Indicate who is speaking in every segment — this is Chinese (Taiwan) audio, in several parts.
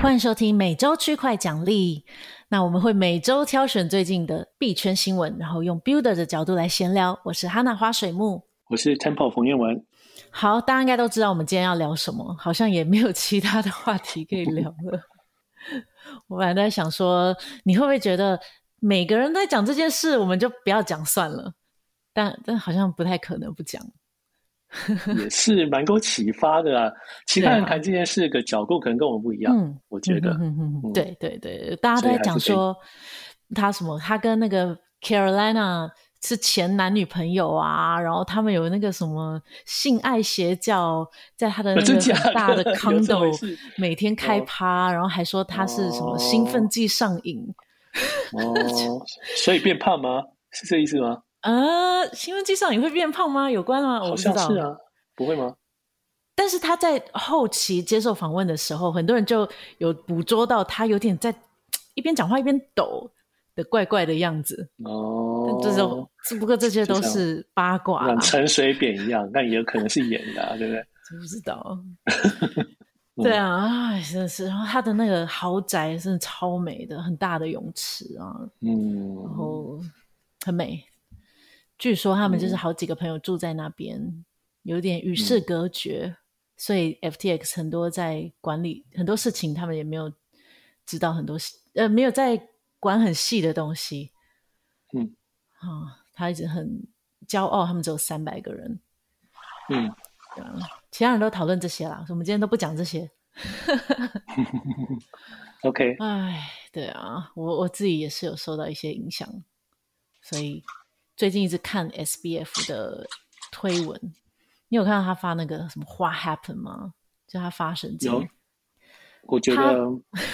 Speaker 1: 歡迎收聽每周區塊獎勵。那我們會每周挑選最近的幣圈新聞，然後用 Builder 的角度來閒聊。我是哈娜花水木，
Speaker 2: 我是 Temple 馮彥文。
Speaker 1: 好，大家應該都知道我們今天要聊什麼，好像也沒有其他的話題可以聊了。 我本來在想說，你會不會覺得每個人都在講這件事，我們就不要講算了？但但好像不太可能不
Speaker 2: 講。 也是蠻夠啟發的啊！其他人談這件事的角度可能跟我們不一樣、啊，我覺得。嗯嗯嗯嗯、對
Speaker 1: 對對，大家都在講說他什麼，他跟那個 Carolina 是前男女朋友啊，然後他們有那個什麼性愛邪教，在他的大的 condo 每天開趴， 然後還說他是什麼興奮劑上癮哦，哦，
Speaker 2: 所以變胖嗎？ 是這意思嗎？
Speaker 1: 呃，新聞記者，你會變胖嗎？有關嗎？我不知道。
Speaker 2: 不會嗎？
Speaker 1: 但是他在後期接受訪問的時候，很多人就有捕捉到他有點在一邊講話一邊抖的怪怪的樣子。
Speaker 2: 哦，這種
Speaker 1: 只不過這些都是
Speaker 2: 八卦、啊，像,像陳水扁一樣， 但也有可能是演的、啊，對不對？真不知道。 嗯、對
Speaker 1: 啊，啊，真的是。然後他的那個豪宅是超美的，很大的泳池啊，嗯，
Speaker 2: 然後
Speaker 1: 很美。據說他們就是好幾個朋友住在那邊，嗯、有點與世隔絕、嗯，所以 FTX 很多在管理很多事情，他們也沒有知道很多呃，沒有在管很細的東西。
Speaker 2: 嗯，
Speaker 1: 哦、他一直很驕傲，他們只有三百個人嗯。嗯，其他人都討論這些啦，我們今天都不講這些。
Speaker 2: OK。哎，
Speaker 1: 對啊，我我自己也是有受到一些影響，所以。最近一直看 SBF 的推文，你有看到他發那個什麼 What Happen 嗎？就他發神
Speaker 2: 經。我覺得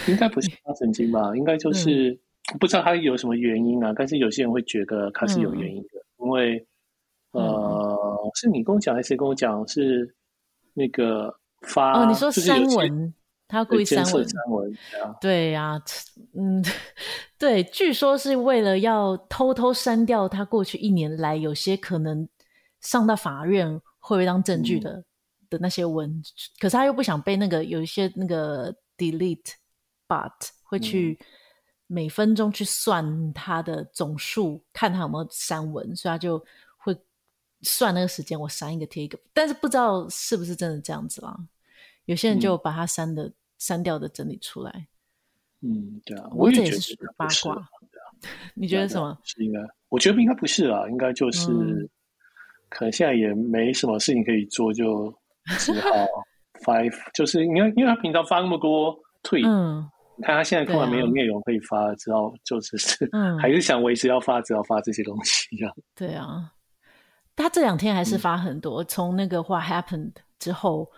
Speaker 2: 應該不是發神經吧，應該就是不知道他有什麼原因啊、 嗯。但是有些人會覺得他是有原因的，嗯、因為呃、嗯，是你跟我講還是誰跟我講是那個發？哦，你說新聞他故意刪文，
Speaker 1: 對呀、啊啊，嗯，對，據說是為了要偷偷刪掉他過去一年來有些可能上到法院會被當證據的、嗯、的那些文，可是他又不想被那個有一些那個 delete bot 會去每分鐘去算他的總數、嗯，看他有沒有刪文，所以他就會算那個時間，我刪一個貼一個，但是不知道是不是真的這樣子啦。有些人就把他刪的、嗯、刪掉的整理出來。
Speaker 2: 嗯，對啊，我，是我也是覺得八
Speaker 1: 卦、啊。你覺得什麼？
Speaker 2: 是應該，我覺得應該不是啦，應該就是、嗯、可能現在也沒什麼事情可以做，就只好發。 就是因為因為他平常發那麼多推、嗯，看他現在根本沒有內容可以發，只好就只是、嗯、還是想維持要發，只要發這些東西
Speaker 1: 一、啊、樣。對啊，他這兩天還是發很多，嗯、從那個話 happened 之後。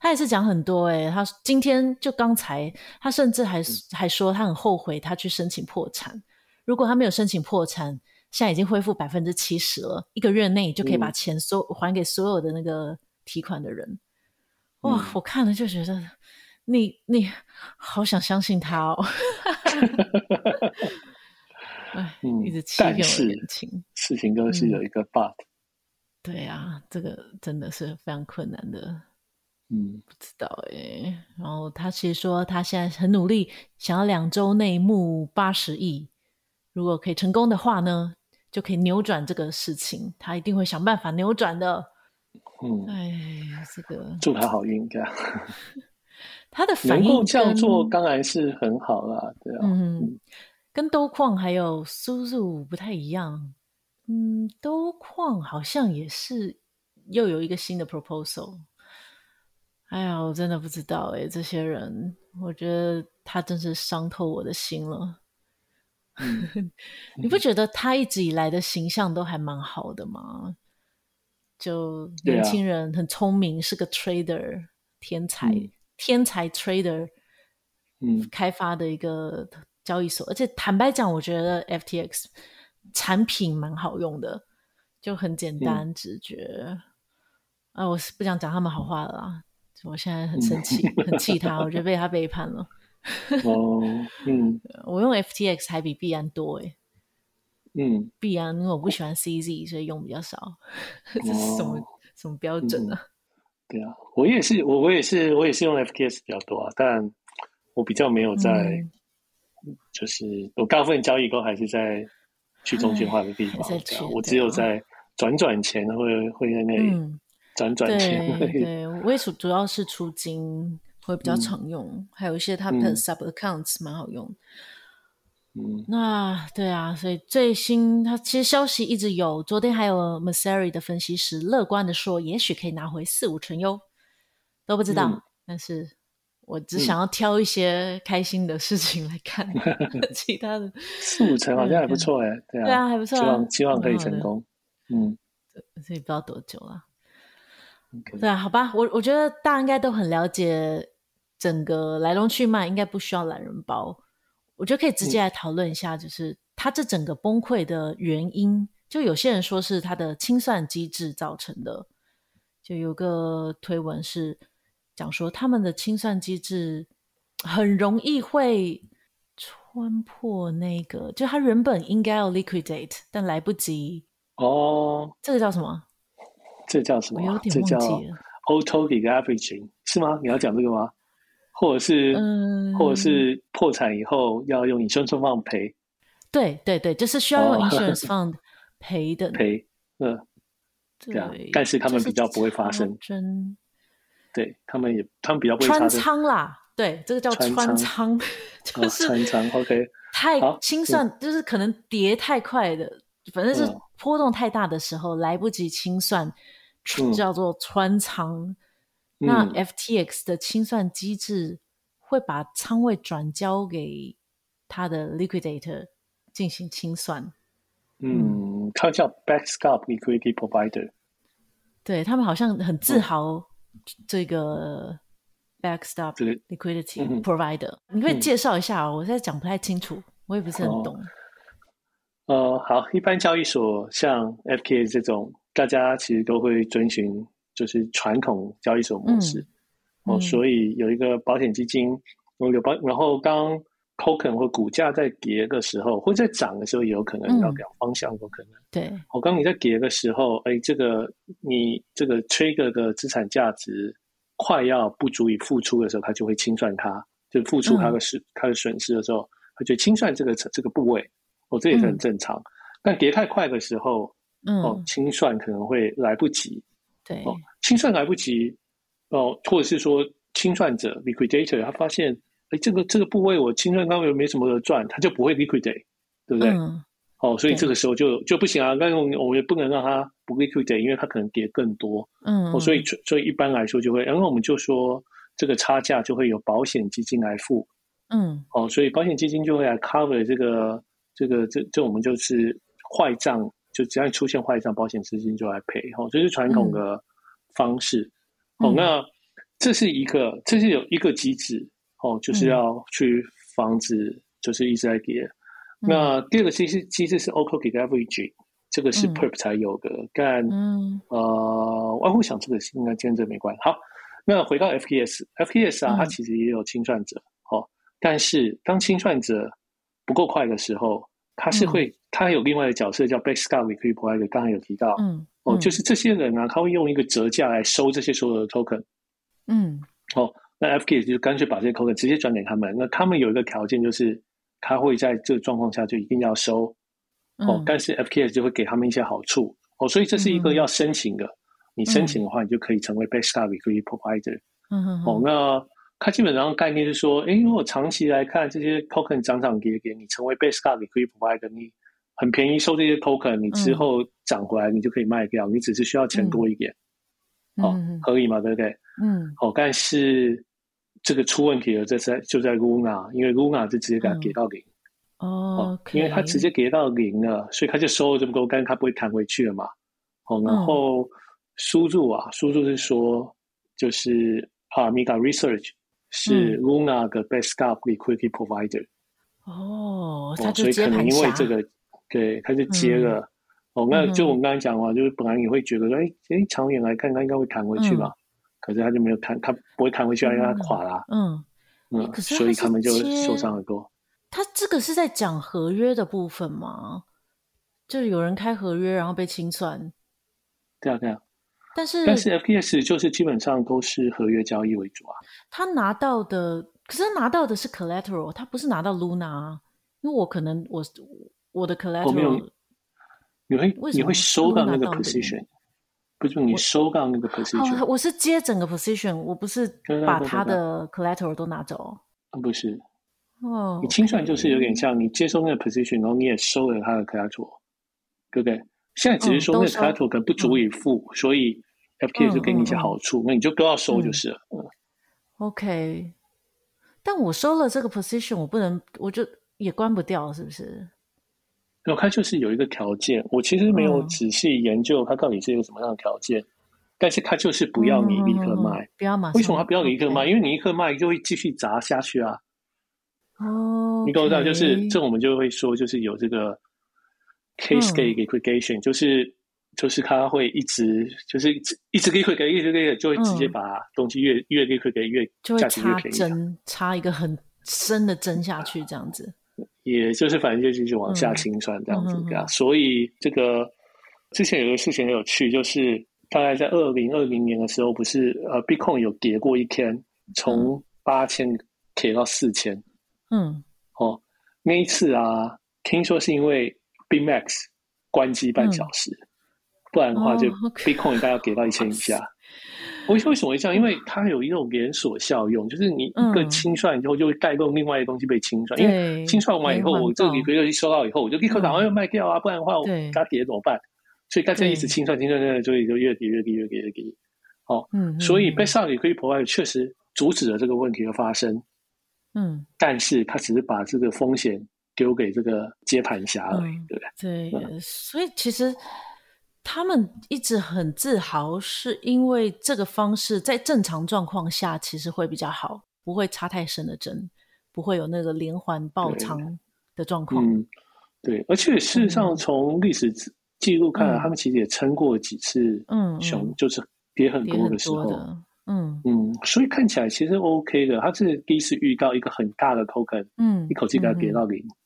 Speaker 1: 他也是講很多誒、欸、他今天就剛才，他甚至還、嗯、還說他很後悔，他去申請破產。如果他沒有申請破產，現在已經恢復百分之七十了，一個月內就可以把錢收、嗯、還給所有的那個提款的人。
Speaker 2: 哇，嗯、我
Speaker 1: 看了就覺得你你好想相信他哦。哎、 嗯，一直欺騙我
Speaker 2: 感情，事情都是有一個 but、嗯。
Speaker 1: 對啊，這個真的是非常困難的。嗯，不知道哎、欸。然後他其實說，他現在很努力，想要兩周內募八十億。如果可以成功的話呢，就可以扭轉這個事情。他一定會想辦法扭轉的。嗯，
Speaker 2: 哎，這個祝他好運。這樣
Speaker 1: 他的反應這樣做
Speaker 2: 當然是很好了。對啊，嗯，嗯
Speaker 1: 跟都礦還有 Su Zhu 不太一樣。嗯，都礦好像也是又有一個新的 proposal。哎呀，我真的不知道哎、欸，這些人，我覺得他真是傷透我的心了。 你不覺得他一直以來的形象都還蠻好的嗎？就年輕人很聰明，啊、是個 trader 天才，嗯、天才 trader，嗯，開發的一個交易所。嗯、而且坦白講，我覺得 FTX 產品蠻好用的，就很簡單、嗯、直覺。啊、哎，我是不想講他們好話了啦。我現在很生氣， 很氣他，我覺得被他背叛了。
Speaker 2: 哦，嗯，
Speaker 1: 我用 FTX 還比幣安多哎。嗯，幣安因為我不喜歡 CZ，哦、所以用比較少。 這是什麼、
Speaker 2: 哦、什麼標準呢、啊嗯？對啊，我也是，我我也是，我也是用 FTX 比較多啊。但我比較沒有在，嗯、就是我大部分交易都還是在去中心化的地方。哎、我只有在轉轉錢會、嗯、會在那裡。嗯轉轉錢，對，
Speaker 1: 我也是主要是出金會比較常用， 嗯、還有一些他們的 sub accounts 蠻好用。嗯，那對啊，所以最新他其實消息一直有，昨天還有 Messari 的分析師樂觀的說，也許可以拿回四五成喲，都不知道、嗯。但是我只想要挑一些開心的事情來看，嗯、 其他的
Speaker 2: 四五成好像還不錯哎、欸，對啊，對啊，還不錯、啊，希望希望可以成功，
Speaker 1: 嗯，所以不知道多久了。Okay. 對啊，好吧，我我覺得大家應該都很了解整個來龍去脈，應該不需要懶人包。我覺得可以直接來討論一下，就是他這整個崩潰的原因。就有些人說是他的清算機制造成的。就有個推文是講說，他們的清算機制很容易會穿破那個，就他原本應該要 liquidate，但來不及。哦。Oh，這個叫什麼？
Speaker 2: 這叫什麼、啊？這叫 auto-deleveraging 是嗎？你要講這個嗎？或者是，嗯、或者是破產以後要用 insurance fund 賠？
Speaker 1: 對對對，就是需要用 insurance fund、哦、賠 的賠。嗯、呃，這樣但是他們比較
Speaker 2: 不會發生，就是、真對他們也他們比較不會發生穿
Speaker 1: 倉啦。對，這個叫穿倉，
Speaker 2: 穿倉。哦、穿倉 OK，太清算、
Speaker 1: 啊、就是可能跌太快的、嗯，反正是波動太大的時候、嗯、來不及清算。叫做穿倉、嗯，那 FTX 的清算機制會把倉位轉交給他的 liquidator 進行清算。嗯，
Speaker 2: 他叫 backstop liquidity provider。
Speaker 1: 對，他們好像很自豪這個 backstop liquidity provider。嗯、你可以介紹一下、哦、我現在講不太清楚，我也不是很懂。
Speaker 2: 哦、呃，好，一般交易所像 FKA 這種。大家其實都會遵循，就是傳統交易所模式、嗯，哦，所以有一個保險基金，有、嗯、保。然後剛 token 或股價在跌的時候，嗯、或在漲的時候，也有可能要、嗯、表方向，有可能。對，我、哦、剛你在跌的時候，哎、欸，這個你這個 trigger 的資產價值快要不足以付出的時候，它就會清算它，就付出它的損它的損失的時候，嗯、它就清算這個這個部位。哦，這也是很正常、嗯。但跌太快的時候。嗯，哦，清算可能會來不及，對、哦，清算來不及，哦，或者是說清算者 Liquidator 他發現，哎、欸，這個這個部位我清算剛好又沒什麼賺，他就不會 liquidate，對不對？嗯。哦，所以這個時候就就不行啊，那我我也不能讓他不 liquidate，因為他可能跌更多，嗯。哦，所以所以一般來說就會，然後我們就說這個差價就會有保險基金來付，嗯。哦，所以保險基金就會來 cover 這個這個這這我們就是壞賬。就只要你出現壞賬，保險資金就來賠，吼，這是傳統的方式，吼、嗯哦，那這是一個，這是有一個機制，哦，就是要去防止、嗯、就是一直在跌。嗯、那第二個機制機制是 OCC 的 average，這個是 Perp 才有的，嗯、但、嗯、呃，我想這個是應該跟這沒關係。好，那回到 FTX FTX 啊、嗯，它其實也有清算者，吼、哦，但是當清算者不夠快的時候。他是會，嗯、他還有另外的角色叫 backstop liquidity provider，剛才有提到嗯，嗯，哦，就是這些人啊，他會用一個折價來收這些所有的 token，嗯，哦，那 F K S 就乾脆把這些 token 直接轉給他們，那他們有一個條件就是，他會在這個狀況下就一定要收，哦，嗯、但是 F K S 就會給他們一些好處，哦，所以這是一個要申請的，嗯、你申請的話，你就可以成為 backstop liquidity provider，嗯嗯,嗯，哦，那。它基本上概念是說，哎、欸，如果長期來看，這些 token 漲漲跌跌，你成為 base card，你可以不賣給你很便宜收這些 token，你之後漲回來，你就可以賣掉，嗯，你只是需要錢多一點，嗯哦嗯，可以嘛，對不對？嗯。好，哦，但是這個出問題了，就在就在 Luna，因為 Luna 就直接給它給到零，嗯、哦，哦 okay. 因為它直接給到零了，所以它就收了這麼多，但它不會彈回去了嘛。好，哦，然後蘇朱啊，蘇、哦、朱是說，就是 Alameda research，是 Luna 的 backstop liquidity provider。嗯、哦他，所以可能因為這個，對，他就接了。嗯、哦，那就我們剛才講嘛，就是本來你會覺得說，誒、嗯，誒、欸，長遠來看，他應該會彈回去吧、嗯？可是他就沒有彈，他不會彈回去，因、嗯、為他垮了、啊。嗯嗯,嗯是是，所以他們就受傷很多。
Speaker 1: 他這個是在講合約的部分嗎？就是有人開合約，然後被清算。
Speaker 2: 對啊，對啊。但是，但是 FPS 就是基本上都是合約交易為主啊。
Speaker 1: 他拿到的，可是他拿到的是 collateral，他不是拿到 Luna 啊。因為我可能我我的 collateral，、哦、沒有
Speaker 2: 你會你會收到那個 position，不是你收到那個 position？我,、哦、我
Speaker 1: 是接整個 position，我不是把他的 collateral 都拿走。
Speaker 2: 哦、不是哦，oh, okay. 你清算就是有點像你接收那個 position，然後你也收了他的 collateral，對不對？現在只是說那個 capital 可能不足以付。嗯嗯，所以 FK 就給你一些好處。嗯，那你就都要收就是了。
Speaker 1: 嗯嗯。OK，但我收了這個 position，我不能，我就也關不掉，是不是？
Speaker 2: 它就是有一個條件，我其實沒有仔細研究它到底是有什麼樣的條件。嗯，但是它就是不要你立刻賣，不要賣。為什麼它不要你立刻賣？Okay. 因為你立刻賣就會繼續砸下去啊。哦、okay，你都知道，就是這我們就會說，就是有這個。case g a 給 liquidation i、嗯、就是就是它會一直就是一直一直 liquidate 一直 liquidate 就會直接把東西越、嗯、越 liquidate 越就會插針，
Speaker 1: 插一個很深的針下去這樣子、
Speaker 2: 嗯，也就是反正就繼續往下清算，這樣子這樣，對、嗯、啊、嗯嗯嗯。所以這個之前有個事情很有趣，就是大概在二零二零年的時候，不是呃 Bitcoin 有跌過一天，從八千跌到四千，嗯，哦、嗯，那一次啊，聽說是因為。B Max 關機半小時，不然的話就 Bitcoin 大概要給到一千以下。為為什麼會這樣？因為它有一種連鎖效用，就是你一個清算以後，就會帶動另外一個東西被清算。因為清算完以後，我這個比特幣收到以後，我就立刻打算又賣掉啊，不然的話，它跌怎麼辦？所以大家一直清算、清算、清算，就越跌越跌越跌越跌。好，所以被上以破壞確實阻止了這個問題的發生。但是它只是把這個風險。留給這個接盤俠了，對、嗯、不對？對、嗯，
Speaker 1: 所以其實他們一直很自豪，是因為這個方式在正常狀況下其實會比較好，不會插太深的針，不會有那個連環爆倉的狀況。對、
Speaker 2: 嗯。對，而且事實上從歷史記錄看、啊哦，他們其實也撐過幾次嗯，熊，就是跌很多的時候。嗯嗯，
Speaker 1: 嗯，
Speaker 2: 所以看起來其實 OK 的。他是第一次遇到一個很大的 token，嗯，一口氣給他跌到零。嗯嗯。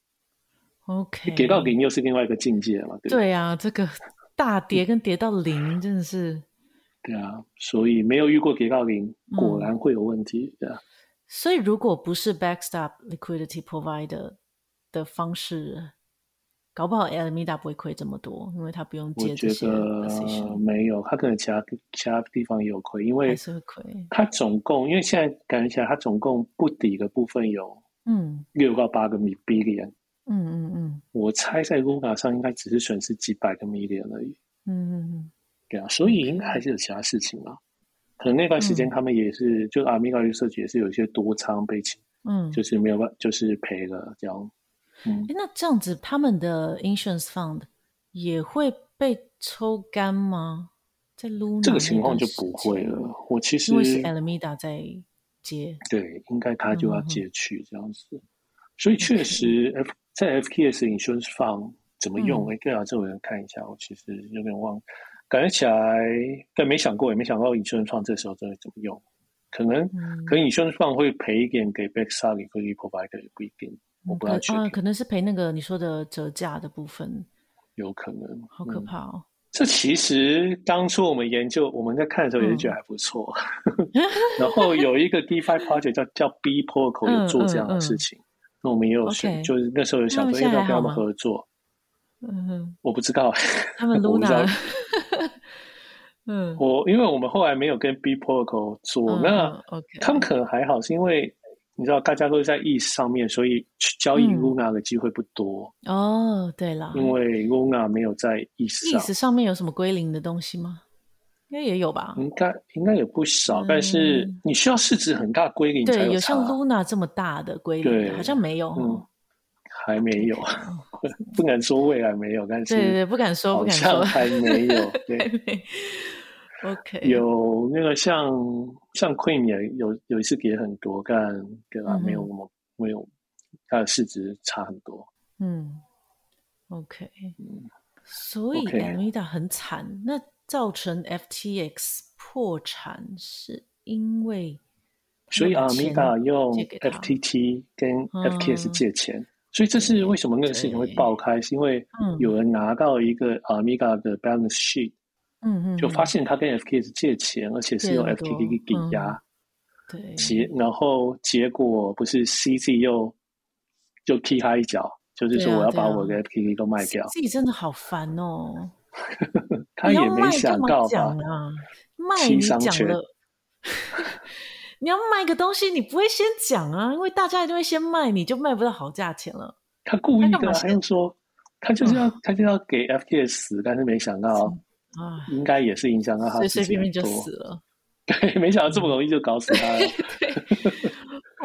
Speaker 2: O.K. 給到零又是另外一個境界了，對，
Speaker 1: 對啊，這個大跌跟跌到零真的是。
Speaker 2: 對啊，所以沒有遇過跌到零，果然會有問題，對、嗯、啊、yeah。
Speaker 1: 所以如果不是 Backstop liquidity provider 的方式，搞不好 Alameda 不會虧這麼多，因為他不用借。我覺、呃、
Speaker 2: 沒有，他可能其他其他地方也有虧，因為它還是會虧。他總共因為現在感覺起來，他總共不抵的部分有個 Billion，嗯六到八個米幣的嗯嗯嗯，我猜在 Luna 上應該只是損失幾百個 million 而已。嗯嗯嗯，對啊，所以應該還是有其他事情啊。Okay. 可能那段時間他們也是，嗯、就 Amiga Research 也是有一些多倉被嗯，就是沒有辦法，就是賠了這樣。
Speaker 1: 嗯、欸，那這樣子他們的 Insurance Fund 也會被抽乾嗎？在 Luna。這個情況就
Speaker 2: 不會了。我其實因為是
Speaker 1: Alameda 在接，
Speaker 2: 對，應該他就要接去這樣子。嗯、哼哼所以確實 F。Okay. 在 FTX insurance fund 怎麼用？哎、嗯欸，對啊，這我人看一下。我其實有點忘，感覺起來，但沒想過，也沒想到 insurance fund 這時候真的怎麼用。可能，嗯、可能 insurance fund 會賠一點給 backside，給 provider，也不一定。我不要去、
Speaker 1: 嗯啊。可能是賠那個你說的折價的部分。
Speaker 2: 有可能。好可怕哦、嗯！這其實當初我們研究，我們在看的時候，也是覺得還不錯。嗯、 然後有一個 DeFi project 叫 叫 B Protocol 有做這樣的事情。嗯嗯嗯那我們也有選，okay, 就是那時候有小朋友跟他們合作。嗯，我不知道。他們 Luna， 嗯，我因為我們後來沒有跟 B Protocol 做，嗯、那、嗯、okay, 他們可能還好，是因為你知道大家都在 ETH 上面，面所以去交易 Luna 的機會不多。嗯、
Speaker 1: 哦，對了，因為
Speaker 2: Luna 沒有在 ETH 上，ETH
Speaker 1: 上面有什麼歸零的東西嗎？應該也有吧，
Speaker 2: 應該應該也不少、嗯，但是你需要市值很大零、啊、規模對有像
Speaker 1: Luna 這麼大的歸零，對，好像沒有，嗯、
Speaker 2: 還沒有，okay. 不敢說未來沒有，但是對，不敢說，好像還沒有。 沒 OK，有那個像像 Queen 有有一次給很多，但給他沒有那麼、嗯、沒有，他的市值差很多。嗯
Speaker 1: ，OK，所以、欸、okay. 你很慘，那。造成 FTX 破產是因為，
Speaker 2: 所以阿米達用 FTT 跟 FTX 借錢、嗯，所以這是為什麼那個事情會爆開，是因為有人拿到一個阿米達的 balance sheet，、嗯、就發現他跟 FTX 借錢、嗯嗯，而且是用 FTT 給抵押，對，、嗯對，然後結果不是 CZ 又就踢他一腳、啊，就是說我要把我的 FTT 都賣掉，自己、
Speaker 1: 啊啊、真的好煩哦、喔。
Speaker 2: 他也沒想到啊，
Speaker 1: 賣你講的， 你要賣個東西，你不會先講啊，因為大家一定會先賣，你就賣不到好價錢了。他故意的、啊，還用
Speaker 2: 說，他就是要就他就，要，他就要給 FTX 死。但是沒想到，啊，應該也是影響到他，隨隨便便就死了，對， 沒想到這麼容易就搞死他了，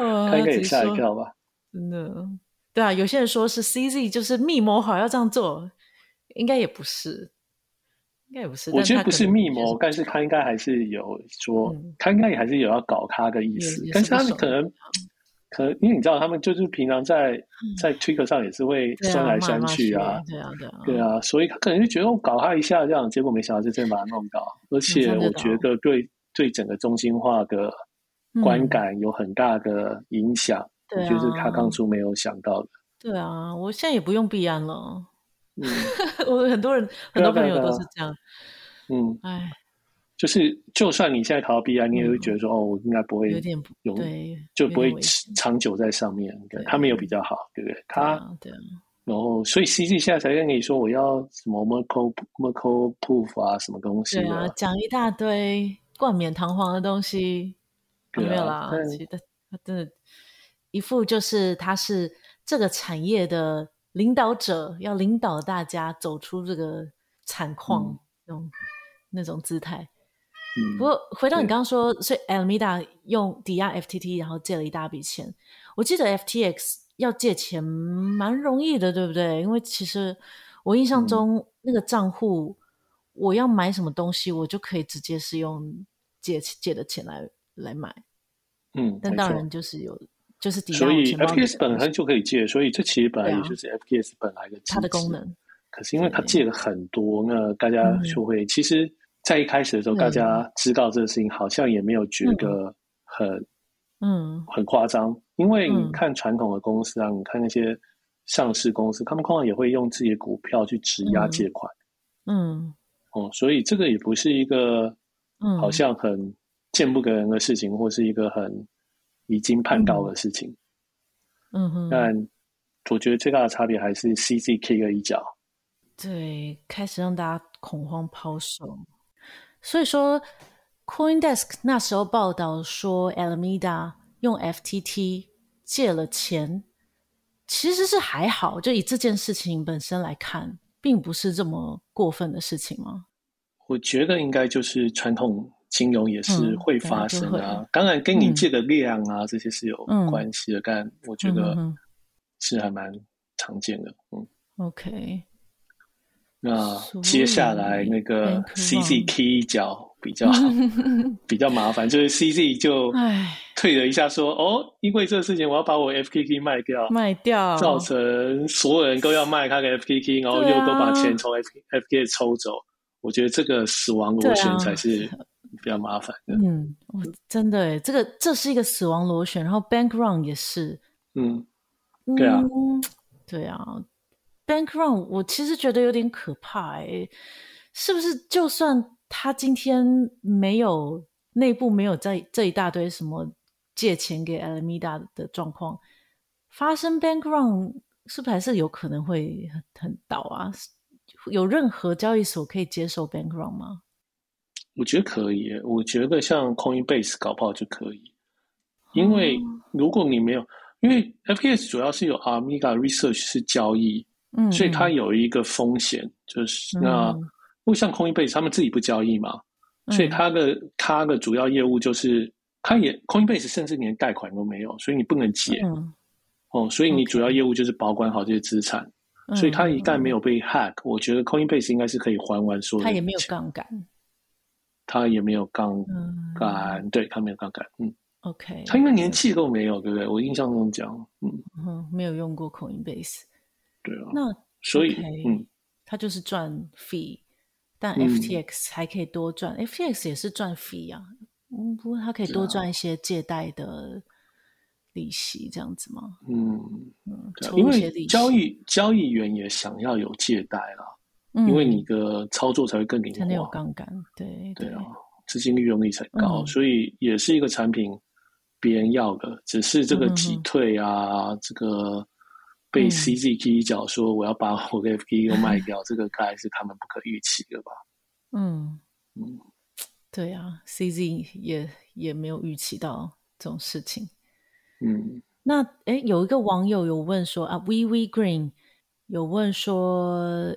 Speaker 1: 我啊、 他應該也嚇一跳
Speaker 2: 吧說？
Speaker 1: 真的，對啊，有些人說是 CZ 就是密謀好要這樣做，應該也不是。我覺得不是
Speaker 2: 密謀，但是他應該還是有說，嗯、他應該也還是有要搞他的意思，嗯嗯、但是他們可能，嗯、可能因為你知道，他們就是平常在、嗯、在 Twitter 上也是會刪來刪去啊，、嗯、對啊，蠻蠻對啊，對啊，對啊，所以他可能就覺得我搞他一下這樣，嗯、結果沒想到就真的把他弄倒、嗯，而且我覺得對對整個中心化的觀感有很大的影響，
Speaker 1: 就、嗯啊、是他當初
Speaker 2: 沒有想到的。
Speaker 1: 對啊，我現在也不用避安了。嗯、 我很多人，啊、很多朋友都是
Speaker 2: 這樣。啊、嗯，哎，就是就算你現在逃避啊，你也會覺得說、嗯、哦，我應該不會有，有點不對，就不會長久在上面。對對，他沒有比較好，對不對？他對，、啊對啊，然後所以 CZ 現在才跟你說我要什麼 Merkle Merkle Proof 啊，什麼東西、啊？對啊，
Speaker 1: 講一大堆冠冕堂皇的東西，
Speaker 2: 有沒有啦？
Speaker 1: 對。一副就是他是這個產業的。領導者要領導大家走出這個慘況，嗯，那種那種姿態。嗯，不過回到你剛剛說，所以 Alameda 用抵押 FTT，然後借了一大筆錢。我記得 FTX 要借錢蠻容易的，對不對？因為其實我印象中，嗯，那個賬戶，我要買什麼東西，我就可以直接是用借借的錢來來買。
Speaker 2: 嗯，但當然
Speaker 1: 就是有。就是，所以 FTX 本身
Speaker 2: 就可以借，所以這其實本來也就是 FTX 本來的它的功能。可是因為它借了很多，那大家就會，其實在一開始的時候，大家知道這個事情，好像也沒有覺得很，嗯，很誇張。因為你看傳統的公司啊，你看那些上市公司，他們可能也會用自己的股票去質押借款。嗯，哦，所以這個也不是一個，
Speaker 1: 嗯，好
Speaker 2: 像很見不得人的事情，或是一個很。已經判到的事情，
Speaker 1: 嗯，嗯哼，
Speaker 2: 但我覺得最大的差別還是 CZ kick 了一腳，
Speaker 1: 對，開始讓大家恐慌拋售。所以說，CoinDesk 那時候報道說，Alameda 用 FTT 借了錢，其實是還好，就以這件事情本身來看，並不是這麼過分的事情嗎？
Speaker 2: 我覺得應該就是傳統。金融也是會發生啊，當、嗯、然跟你借的力量啊、嗯，這些是有關係的。但、嗯、我覺得是還蠻常見的。嗯,嗯，OK。那接下來那個 CZ k 一腳比較、嗯、 比較麻煩，就是 CZ 就退了一下說 哦，因為這個事情我要把我 f k k 賣掉，
Speaker 1: 賣掉，造
Speaker 2: 成所有人都要賣他的 f k k 然後又都把錢從 F FK,、啊、FK 抽走。我覺得這個死亡螺旋才是、啊。比
Speaker 1: 較麻煩嗯，真的、欸，這個這是一個死亡螺旋，然後 bank run 也是，
Speaker 2: 嗯，啊嗯
Speaker 1: 對啊，對啊，bank run 我其實覺得有點可怕、欸，誒，是不是就算他今天沒有內部沒有在這一大堆什麼借錢給 Alameda 的狀況發生 bank run，是不是還是有可能會很倒啊？有任何交易所可以接受 bank run 嗎？
Speaker 2: 我覺得可以，我覺得像 Coinbase 搞不好就可以，因為如果你沒有，嗯、因為 FTX 主要是有 Alameda Research 是交易，嗯，所以它有一個風險，就是，嗯、那，因為像 Coinbase 他們自己不交易嘛，嗯、所以它的它的主要業務就是，它也 Coinbase 甚至連貸款都沒有，所以你不能借，嗯，哦，所以你主要業務就是保管好這些資產，嗯、所以它一旦沒有被 hack，嗯、我覺得 Coinbase 應該是可以還完所有，它也
Speaker 1: 沒有槓桿。
Speaker 2: 他也沒有槓桿、嗯，對他沒有槓桿，嗯，OK，他應該連氣都沒有，對、yes. 不對？我印象中講、
Speaker 1: 嗯，嗯，沒有用過 Coinbase，對啊，那所以 okay,、嗯，他就是賺費，但 FTX 還可以多賺、嗯、，FTX 也是賺費啊，嗯，不過他可以多賺一些借貸的利息，這樣子嗎？啊、嗯嗯、啊，因為交
Speaker 2: 易交易員也想要有借貸了、啊。因為你的操作才會更靈活，才、嗯、有槓桿，對對啊，資金利用率才高、嗯，所以也是一個產品，別人要的，嗯、只是這個擠兌啊、嗯，這個被 CZ 踢一腳，說我要把我的 FTT 賣掉，嗯、這個該是他們不可預期的吧？嗯，嗯
Speaker 1: 對啊，CZ 也也沒有預期到這種事情。嗯，那哎、欸，有一個網友有問說啊，wiwiGreen 有問說。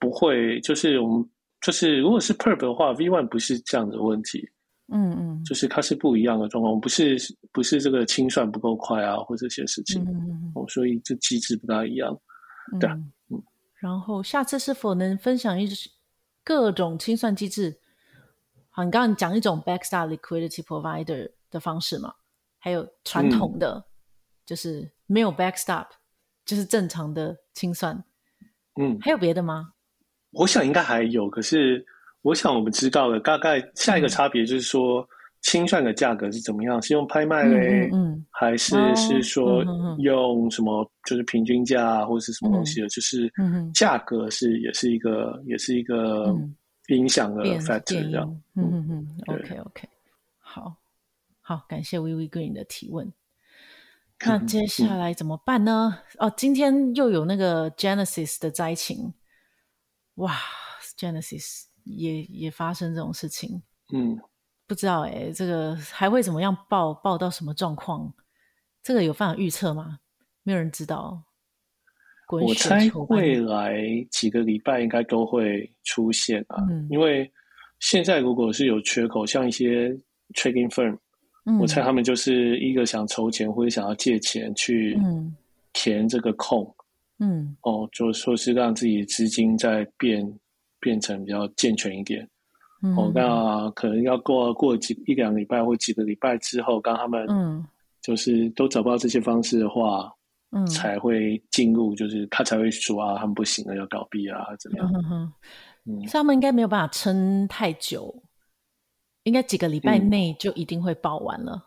Speaker 2: 不會，就是我們就是，如果是 Perp 的話，V One 不是這樣的問題，嗯嗯，就是它是不一樣的狀況，我們不是不是這個清算不夠快啊，或這些事情，嗯所以這機制不大一樣，嗯、
Speaker 1: 對啊，嗯，然後下次是否能分享一各種清算機制？好，你剛剛講一種 Backstop Liquidity Provider 的方式嘛，還有傳統的，嗯、就是沒有 Backstop，就是正常的清算，嗯，還有別的嗎？
Speaker 2: 我想應該還有，可是我想我們知道的大概下一個差別就是說，清算的價格是怎麼樣？嗯、是用拍賣嘞、嗯嗯，還是、哦、是說用什麼？就是平均價、啊嗯、或者是什麼東西的、啊嗯？就是價格是也是一個，嗯、也是一個影響的 factor 這樣。嗯嗯，OK OK，
Speaker 1: 好，好，感謝 wiwiGreen 你的提問、嗯。那接下來怎麼辦呢、嗯嗯？哦，今天又有那個 Genesis 的災情。哇，Genesis 也也發生這種事情，嗯，不知道誒、欸，這個還會怎麼樣爆爆到什麼狀況？這個有辦法預測嗎？沒有人知道。我猜未
Speaker 2: 來幾個禮拜應該都會出現啊、嗯，因為現在如果是有缺口，像一些 trading firm，、嗯、我猜他們就是一個想籌錢或者想要借錢去填這個空。嗯嗯，哦，就說是讓自己的資金再變變成比較健全一點。嗯、哦，那可能要過過幾一兩個禮拜或幾個禮拜之後，剛他們就是都找不到這些方式的話，嗯、才會進入，就是他才會說啊，他們不行了，要倒閉啊，怎麼樣的。嗯，嗯，嗯，
Speaker 1: 所以他們應該沒有辦法撐太久，應該幾個禮拜內就一定會爆完了。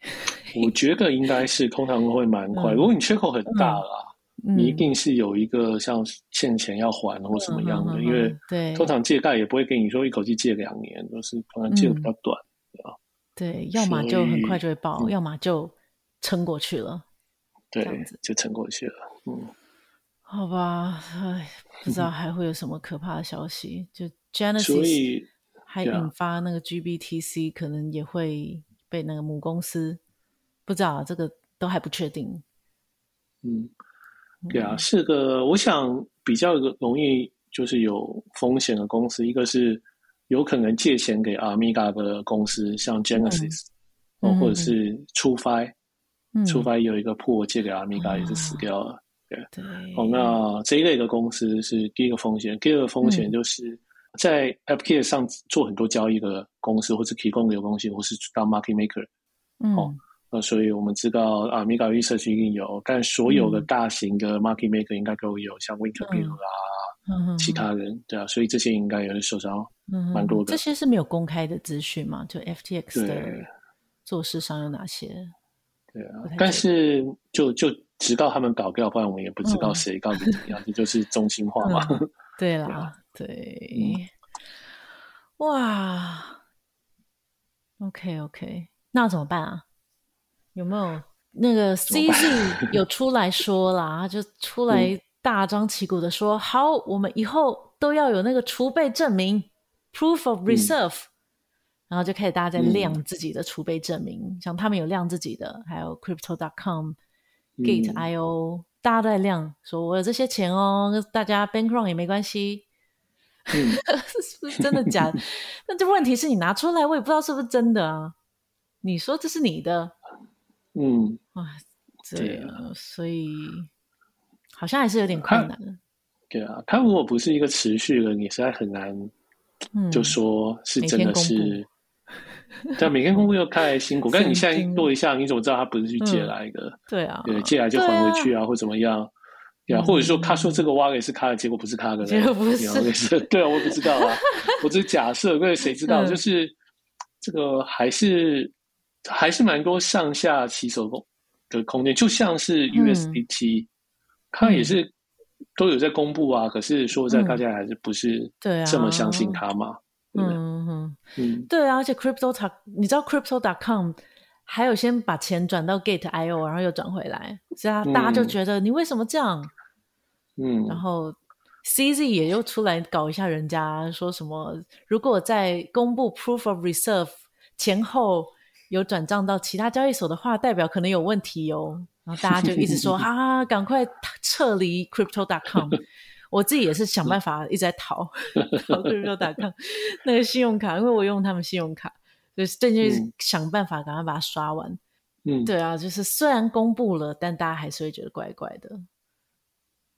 Speaker 2: 嗯、我覺得應該是通常都會蠻快、 嗯，如果你缺口很大了。嗯你一定是有一個像欠錢要還或什麼樣的，嗯、哼哼哼，因為通常借貸也不會給你說一口氣借兩年，嗯，都是可能借的比較短，嗯、
Speaker 1: 對，要麼就很快就會爆，要麼就撐過去了。
Speaker 2: 對，就撐過去了。嗯，
Speaker 1: 好吧，哎，不知道還會有什麼可怕的消息。 就 Genesis
Speaker 2: 還引
Speaker 1: 發那個 GBTC，可能也會被那個母公司，啊，不知道這個都還不確定。嗯。
Speaker 2: 對啊，是個我想比較容易就是有風險的公司，一個是有可能借錢給阿米嘎的公司，像 Genesis，哦、嗯，或者是出發，出、嗯、發有一個 pool 借給阿米嘎也是死掉了，嗯、對，哦、喔，那這一類的公司是第一個風險，第二個風險就是在 AppKit 上做很多交易的公司，嗯、或是提供一個東西，或是當 Market Maker，嗯。喔那、呃、所以我們知道啊，Alameda Research 一定有，但所有的大型的 market maker 應該都有，嗯、像 Wintermute 啊，嗯哼，其他人對啊，所以這些應該也是受傷，嗯，
Speaker 1: 蠻多的。這些是沒有公開的資訊嘛？就 FTX 的做市商有哪些？對，對
Speaker 2: 啊，但是就就直到他們搞掉，不然我們也不知道誰到底怎麼樣、嗯。這就是中心化嘛？ 嗯、
Speaker 1: 對啦。 對，啊、對，嗯、哇，OK OK，那怎麼辦啊？有沒有那個 CZ 有出來說啦，就出來大張旗鼓的說、嗯、好，我們以後都要有那個儲備證明 （proof of reserve），、嗯、然後就開始大家在量自己的儲備證明、嗯，像他們有量自己的，還有 Crypto.com、嗯、Gate.io，大家都在量，說我有這些錢哦，大家 Bank Run 也沒關係。嗯、 是不是真的假的？那 這問題是你拿出來，我也不知道是不是真的啊。你說這是你的。嗯，哇，對啊，對啊，所以好像還是有點困難
Speaker 2: 的。對啊，他如果不是一個持續的，你實在很難就說是真的是。但、嗯、每天工作、啊、又太辛苦，但、嗯、你現在、嗯、多一下，你怎麼知道他不是去借來的、嗯？對啊，對，借來就還回去啊，或怎麼樣？對啊，或者說他說這個挖的也是他的，結果不是他的，結不是，是，對啊，我不知道啊， 我只是假設，因為誰知道？嗯、就是這個還是，還是蠻多上下其手的空間，就像是 USDT，它、嗯、也是都有在公布啊、嗯，可是說在大家還是不是這麼相信它嗎？嗯，
Speaker 1: 對，嗯，嗯，嗯對啊，而且 Crypto，你知道 Crypto.com 還有先把錢轉到 Gate.io，然後又轉回來，是啊，大家就覺得、嗯、你為什麼這樣？
Speaker 2: 嗯，然
Speaker 1: 後 CZ 也又出來搞一下，人家說什麼如果在公布 Proof of Reserve 前後。有轉賬到其他交易所的話，代表可能有問題哦。然後大家就一直說啊，趕快撤離 crypto.com。 我自己也是想辦法一直在逃 逃 crypto.com。 逃 CM. 那個信用卡，因為我用他們信用卡，就進去想辦法趕快把它刷完，嗯。對啊，就是雖然公布了，但大家還是會覺得怪怪的。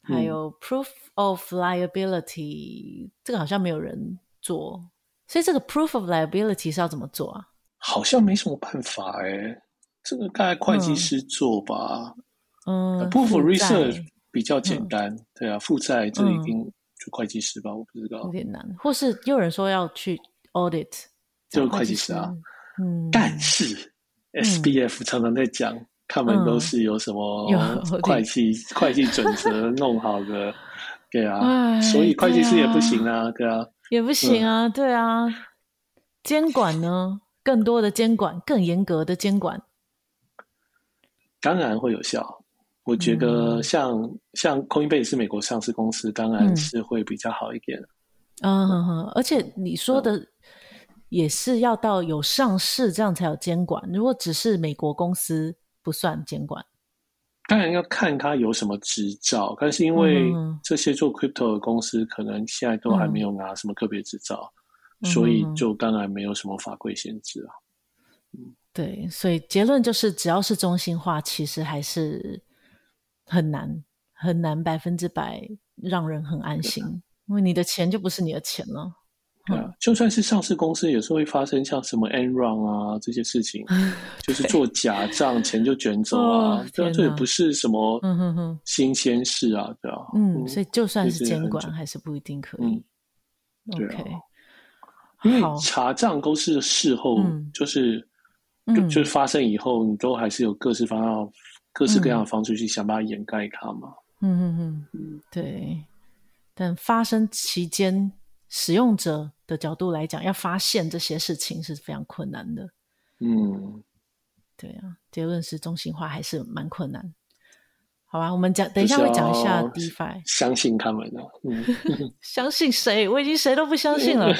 Speaker 1: 還有 proof of liability，這個好像沒有人做，所以這個 proof of liability 是要怎麼做啊？
Speaker 2: 好像沒什麼辦法哎、欸，這個該會計師做吧，
Speaker 1: 嗯，Proof of、嗯、research
Speaker 2: 嗯比較簡單，嗯、對啊，負債這一定就會計師吧、嗯，我不知道，有點難，
Speaker 1: 或是又有人說要去 audit，
Speaker 2: 就是會計師啊，但是、嗯、SBF 常常在講，他、嗯、們都是有什麼會計會計準則弄好的，對啊，所以會計師也不行啊，啊，啊，啊，對啊，
Speaker 1: 也不行啊，嗯、對啊，監管呢？更多的監管，更嚴格的監管，
Speaker 2: 當然會有效。我覺得像、嗯、像 Coinbase 是美國上市公司，當然是會比較好一點。嗯，嗯
Speaker 1: 而且你說的也是要到有上市，這樣才有監管、嗯。如果只是美國公司，不算監管。
Speaker 2: 當然要看他有什麼執照，但是因為這些做 crypto 的公司，可能現在都還沒有拿什麼特別執照。嗯所以就當然沒有什麼法規限制啊，嗯嗯。
Speaker 1: 對，所以結論就是，只要是中心化，其實還是很難很難百分之百讓人很安心，因為你的錢就不是你的錢了。
Speaker 2: 啊、嗯，就算是上市公司，有時候會發生像什麼 Enron 啊這些事情， 就是做假賬，錢就捲走啊。這 這、哦啊啊、也不是什麼新鮮事啊，對啊。嗯，嗯所以就算是監管、嗯哼哼，
Speaker 1: 還是不一定可
Speaker 2: 以。ok、啊。嗯因為查賬都是事後，就是嗯嗯，就是，就發生以後，你都還是有各式方各，各式各樣的方式去想辦法掩蓋它嘛。嗯嗯嗯，
Speaker 1: 對。但發生期間，使用者的角度來講，要發現這些事情是非常困難的。嗯，對啊，結論是中心化還是蠻困難的。好吧，我們講，等一下會講一下、DeFi。
Speaker 2: 相信他們、嗯、
Speaker 1: 相信誰？我已經誰都不相信
Speaker 2: 了。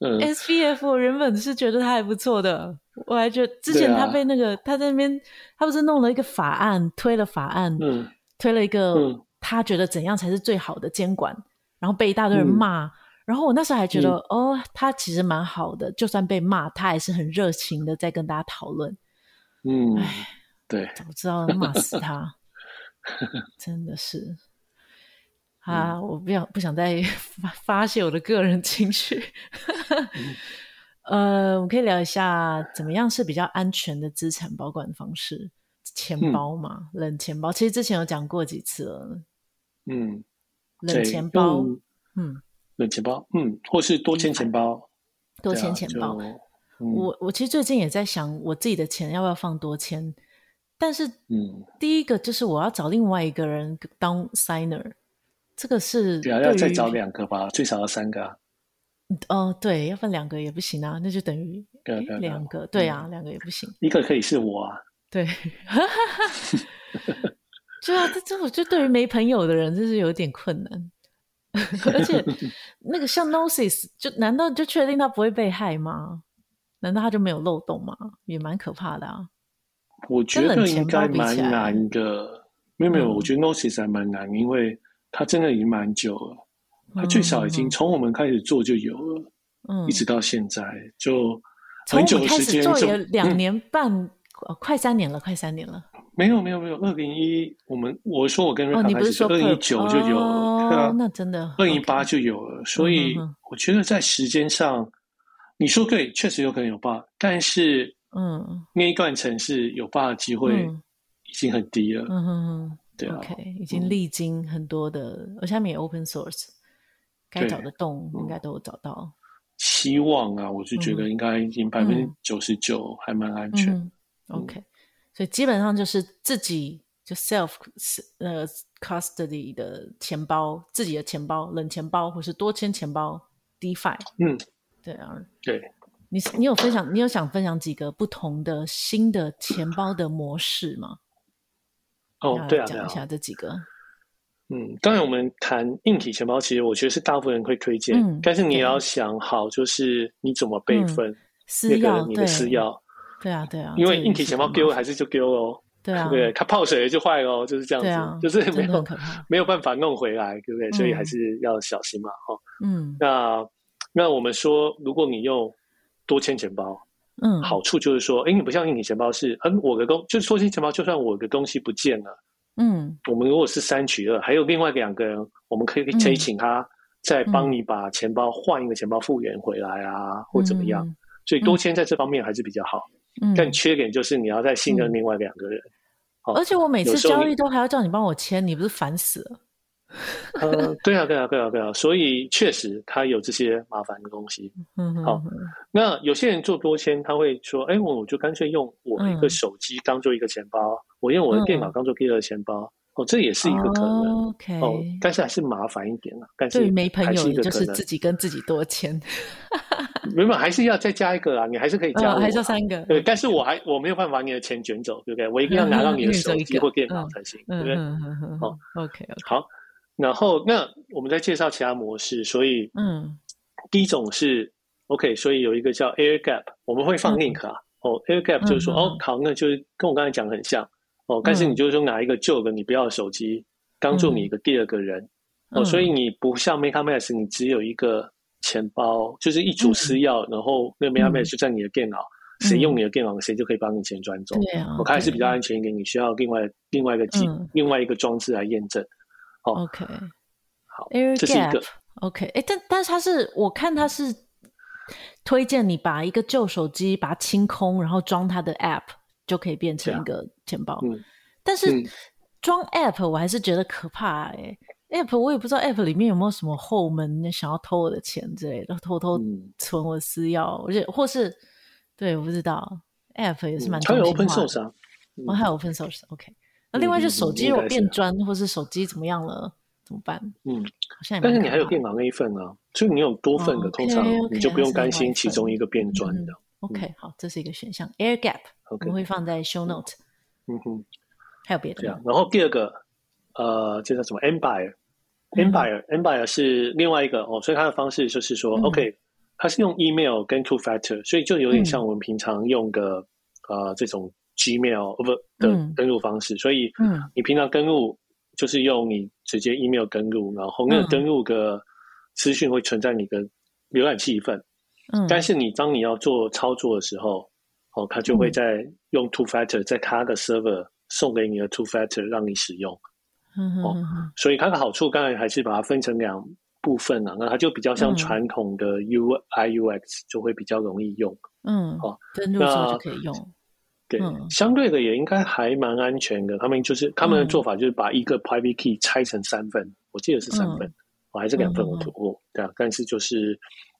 Speaker 2: 嗯、
Speaker 1: SBF，我原本是覺得他還不錯的，我還覺得之前他被那個、啊、他在那邊，他不是弄了一個法案，推了法案，嗯、推了一個他覺得怎樣才是最好的監管，然後被一大堆人罵、嗯，然後我那時候還覺得、嗯、哦，他其實蠻好的，就算被罵，他也是很熱情的在跟大家討論。
Speaker 2: 嗯，對， 早知道罵死他，
Speaker 1: 真的是啊、嗯！我不想不想再發發泄我的個人情緒。 嗯、呃，我們可以聊一下怎麼樣是比較安全的資產保管方式，錢包嘛、嗯，冷錢包。其實之前有講過幾次了，嗯，
Speaker 2: 冷錢包，嗯，冷錢包，嗯，或是多簽錢包、嗯，多簽錢包。錢
Speaker 1: 錢包，嗯、我我其實最近也在想，我自己的錢要不要放多簽但是，嗯，第一個就是我要找另外一個人當 signer，、嗯、這個是對啊，要再找兩
Speaker 2: 個吧，最少要三個。
Speaker 1: 哦、嗯呃，對，要分兩個也不行啊，那就等於兩個，個，個，個，對啊，兩、嗯、個也不
Speaker 2: 行。一個可以是我啊，
Speaker 1: 對， 對啊，這這，我覺得對於沒朋友的人，真是有點困難。 而且那個像 Nosis 就難道就確定他不會被害嗎？難道他就沒有漏洞嗎？也蠻可怕的啊。
Speaker 2: 我覺得應該蠻難的，沒有沒有，我覺得 nosis 還蠻難，嗯、因為他真的已經蠻久了，他、嗯嗯嗯、最少已經從我們開始做就有了，嗯，一直到現在就很久的時間，我們開始做也兩
Speaker 1: 年半、嗯哦，快三年了，快三年了。
Speaker 2: 沒有沒有沒有，二零一我們我說我跟瑞恩、哦、開始是2019、哦，二零一九就有了、哦，那真的，二零一八就有了嗯嗯嗯，所以我覺得在時間上嗯嗯，你說對，確實有可能有吧，但是。嗯，那一段程式有 bug 的機會已經很低了。嗯，嗯哼
Speaker 1: 哼，
Speaker 2: 對啊。OK，已經歷
Speaker 1: 經很多的，我、嗯、下面也 Open Source
Speaker 2: 該找的洞、
Speaker 1: 嗯、應該都有找到。
Speaker 2: 希望啊，我是覺得應該已經百分之九十九還蠻安全、嗯
Speaker 1: 嗯。OK，所以基本上就是自己就 self、uh, custody 的錢包，自己的錢包、冷錢包或是多簽錢包，DeFi。DeFi, 嗯，對啊。對。你你有分享？你有想分享幾個不同的新的錢包的模式嗎？
Speaker 2: 哦，對啊，講一下這
Speaker 1: 幾個。嗯，okay.
Speaker 2: 當然我們談硬體錢包，其實我覺得是大部分人會推薦、嗯，但是你也要想好，就是你怎麼備份私鑰、嗯、那個那個、你的私鑰。
Speaker 1: 對啊，對啊，因為硬
Speaker 2: 體錢包丟還是就丟哦。
Speaker 1: 對啊，對，
Speaker 2: 它、啊、泡水就壞哦、喔，就是這樣子，啊，就是沒有，沒有辦法弄回來，對不對？嗯，所以還是要小心嘛喔，嗯，那那我們說，如果你用。多簽錢包，嗯，好處就是說，哎、欸，你不像硬體錢包是，嗯，我的東就是多簽錢、錢包，就算我的東西不見了，嗯，我們如果是三取二，還有另外兩個人，我們可以可以請他再幫你把錢包換、嗯、一個錢包復原回來啊、嗯，或怎麼樣。所以多簽在這方面還是比較好、嗯，但缺點就是你要再信任另外兩個人、嗯。而且我每次交易
Speaker 1: 都還要叫你幫我簽，你不是煩死了？
Speaker 2: uh, 對啊，對啊，對啊，對啊，所以確實他有這些麻煩的東西。嗯，好，那有些人做多簽，他會說：“哎、欸，我我就乾脆用我一個手機當做一個錢包，嗯、我用我的電腦當做第二個錢包。嗯”哦，這也是一個可能。哦，okay、哦但是還是麻煩一點了、啊。對，沒朋友就是自己
Speaker 1: 跟自己多簽。
Speaker 2: 辦 法還是要再加一個啊？你還是可以加我、啊哦，還是三個。對，對、嗯，但是我還我沒有辦法把你的錢卷走，對不對、嗯？我一定要拿到你的手機或電腦、嗯嗯、才行、嗯嗯，對不對？好、嗯，OK，、嗯、好。Okay, okay. 然後，那我們再介紹其他模式，所以，
Speaker 1: 嗯，
Speaker 2: 第一種是、嗯、OK，所以有一個叫 Air Gap，我們會放 link 啊，哦、嗯 oh,，Air Gap 就是說、嗯，哦，好，那就是跟我剛才講的很像，嗯、哦，但是你就是拿一個舊的，你不要的手機幫助、嗯、你一個第二個人，嗯、哦，所以你不像 Meta Mask，你只有一個錢包，就是一組私鑰，嗯、然後那 Meta Mask 在你的電腦、嗯，誰用你的電腦、嗯，誰就可以幫你錢轉走，對、嗯、啊，我、OK, 看、okay. 是比較安全一點，你需要另外另外一個機、嗯、另外一個裝置來驗證。Oh, O.K. 好，Gap, 這是
Speaker 1: 一 O.K. 但但是他是，我看他是推薦你把一個舊手機把它清空，嗯、然後裝他的 App 就可以變成一個錢包。嗯、但是裝 App 我還是覺得可怕哎、欸嗯、，App 我也不知道 App 裡面有沒有什麼後門，想要偷我的錢之類的，偷偷存我私鑰，而、嗯、且或，或是對，我不知道、嗯、App 也是蠻重的。多有分受我還有分手 O.K. 那、啊、另外就是手機如果變磚，或是手機怎麼樣了，怎麼辦？嗯，沒好但是你還有電
Speaker 2: 腦那一份啊，所以你有多份的，哦、通常 okay, okay, 你就不用擔心其中一個變磚的、嗯
Speaker 1: 嗯。OK，好，這是一個選項，Air Gap，okay, 我們會放在 Show Note。嗯哼、嗯嗯，還有別的。這樣、
Speaker 2: 啊，然後第二個，呃，這叫什麼 Empire、嗯、Empire、Empire 是另外一個哦，所以它的方式就是說、嗯、，OK，它是用 Email 跟 Two Factor，所以就有點像我們平常用的、嗯、呃這種。Gmail 呃的登錄方式、嗯，所以你平常登錄就是用你直接 email 登錄、嗯，然後那個登錄的資訊會存在你的瀏覽器一份。但是你當你要做操作的時候，哦、嗯，它就會在用 two factor 在它的 server 送給你的 two factor 讓你使用。嗯嗯、哦、嗯，所以它的好處剛才還是把它分成兩部分啊，那它就比較像傳統的 UIUX 就會比較容易用。嗯，好、哦，登錄之後就可以用。對、嗯，相對的也應該還蠻安全的。他們就是他們的做法就是把一個 private key 拆成三份、嗯，我記得是三份、嗯，我還是兩份我吐過，嗯嗯、對、啊。但是就是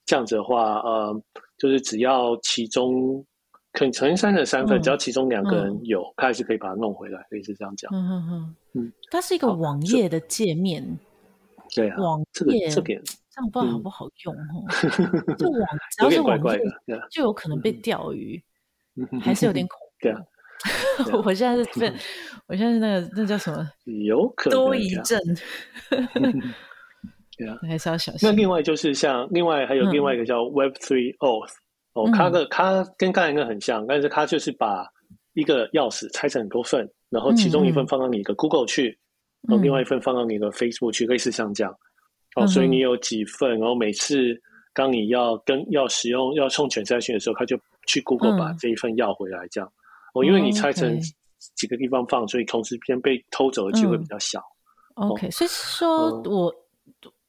Speaker 2: 這樣子的話，呃、嗯，就是只要其中肯乘三的三份、嗯，只要其中兩個人有，嗯、他還是可以把它弄回來，可以是這樣講。嗯嗯
Speaker 1: 嗯，它是一個網頁的界面，
Speaker 2: 對啊，網頁這邊、啊、不知道好不好用哦。就
Speaker 1: 網有點怪怪的。對。就有可能被釣
Speaker 2: 魚，還是有點恐。
Speaker 1: 對啊，我現在是， 我現在是那個那叫什麼？
Speaker 2: 有可能多疑症。
Speaker 1: 對啊，還是要小
Speaker 2: 心。那另外就是像另外還有另外一個叫 Web Three Auth、嗯、h 哦，他的、這個，他跟剛才那個很像，但是他就是把一個鑰匙拆成很多份，然後其中一份放到你一個 Google 去，嗯、
Speaker 1: 然後另外
Speaker 2: 一份放到你一個 Facebook 去，類似像這樣。嗯、哦，所以你有幾份，然後每次當你要跟要使用要衝全在訊的時候，他就去 Google 把這一份要回來這樣。嗯哦，因為你拆成幾個地方放，嗯、okay，所以同時間被偷走的機會比較小。嗯、
Speaker 1: OK、哦、所以說我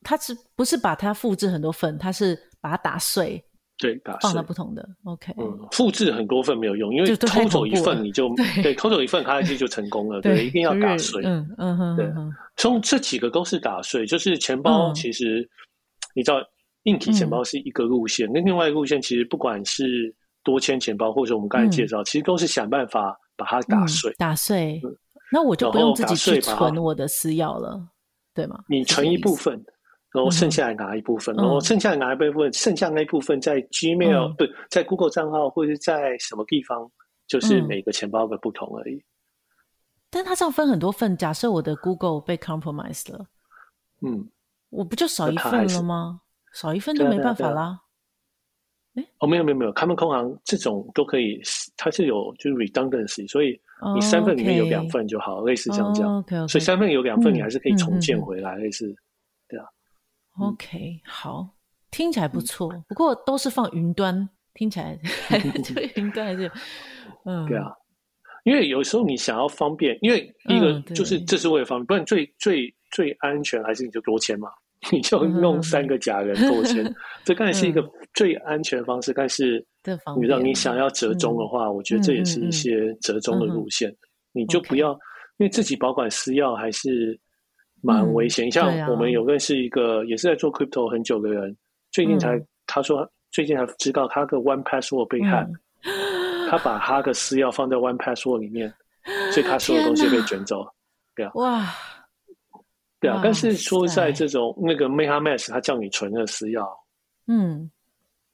Speaker 1: 他是、嗯、不是把它複製很多份？他是把它打碎，
Speaker 2: 對，打碎放到不同的。OK，嗯，複製很多份沒有用，因為就偷走一份你就對，對，對，偷走一份開機就成功了對，對，一定要打碎。日日嗯嗯、嗯，對，從、嗯嗯嗯、這幾個都是打碎，就是錢包其實、嗯、你知道，硬體錢包是一個路線、嗯，跟另外一個路線其實不管是。多簽錢包，或者我們剛才介紹、嗯，其實都是想辦法把它打碎，嗯、
Speaker 1: 打碎、嗯。那我就不用自己去存我的私鑰了，對嗎？
Speaker 2: 你存一部分，然後剩下來拿一部分、嗯，然後剩下來拿一部分、嗯、一部分，剩下那一部分在 Gmail、嗯、對在 Google 賬號，或者是在什麼地方，就是每個錢包的不同而已。嗯、
Speaker 1: 但它這樣分很多份，假設我的 Google 被 compromise 了，嗯，我不就少一份了嗎？嗯、少一份就沒辦法啦。
Speaker 2: 哎、欸，哦，沒有沒有沒有，他們空行這種都可以，它是有就是 redundancy，所以你三份裡面有兩份就好，oh, okay. 類似像這樣 o、oh, k、okay, okay. 所以三份有兩份你還是可以重建回來，嗯、類似，
Speaker 1: 對啊。OK，、
Speaker 2: 嗯、好，
Speaker 1: 聽起來不錯、嗯，不過都是放雲端，聽起來對雲 端還是、 嗯，對啊，
Speaker 2: 因為有時候你想要方便，因為一個就是這是為了方便、嗯，不然最最最安全還是你就多簽嘛。 你就用三個假人構成，嗯、 這當然是一個最安全方式。嗯、但是，
Speaker 1: 你知道，你
Speaker 2: 想要折中的話、嗯，我覺得這也是一些折中的路線。嗯、你就不要、okay. 因為自己保管私鑰還是
Speaker 1: 蠻危險、嗯。像我們
Speaker 2: 有認識一個、嗯，也是在做 crypto 很久的人，嗯、最近才他說最近才知道他個 one password 被害，嗯、 他把他的私鑰放在 one password 裡面，所以他所有東西被卷走了。對啊，哇。對啊，但是說在這種那個 MetaMask 它叫你存的私鑰
Speaker 1: 嗯，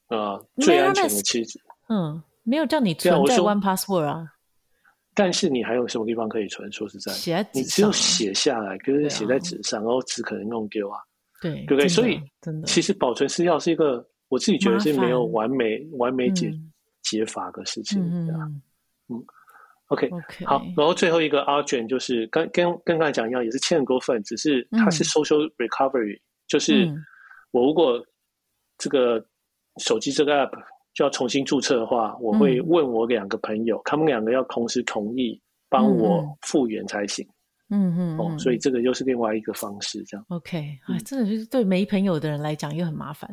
Speaker 2: 啊、呃，最安全的妻子，
Speaker 1: 嗯，沒有叫你存在 One Password 啊。啊，
Speaker 2: 但是你還有什麼地方可以存？說實在，寫你只有寫下來，就是寫在紙上，然後紙可能弄丟啊，對，對不對？所以其實保存私鑰是一個我自己覺得是沒有完美完美解解法的事情，嗯。嗯嗯 Okay, OK，好，然後最後一個 Argent 就是跟跟跟剛才講一樣，也是欠很多份，只是它是 social recovery，、嗯、就是我如果這個手機這個 app 就要重新注冊的話、嗯，我會問我兩個朋友，他們兩個要同時同意幫我復原才行。嗯、哦、
Speaker 1: 嗯，嗯，所
Speaker 2: 以這個又是另外一個方式，這樣。
Speaker 1: OK，、啊、真的就是對沒朋友的人來講又很麻煩。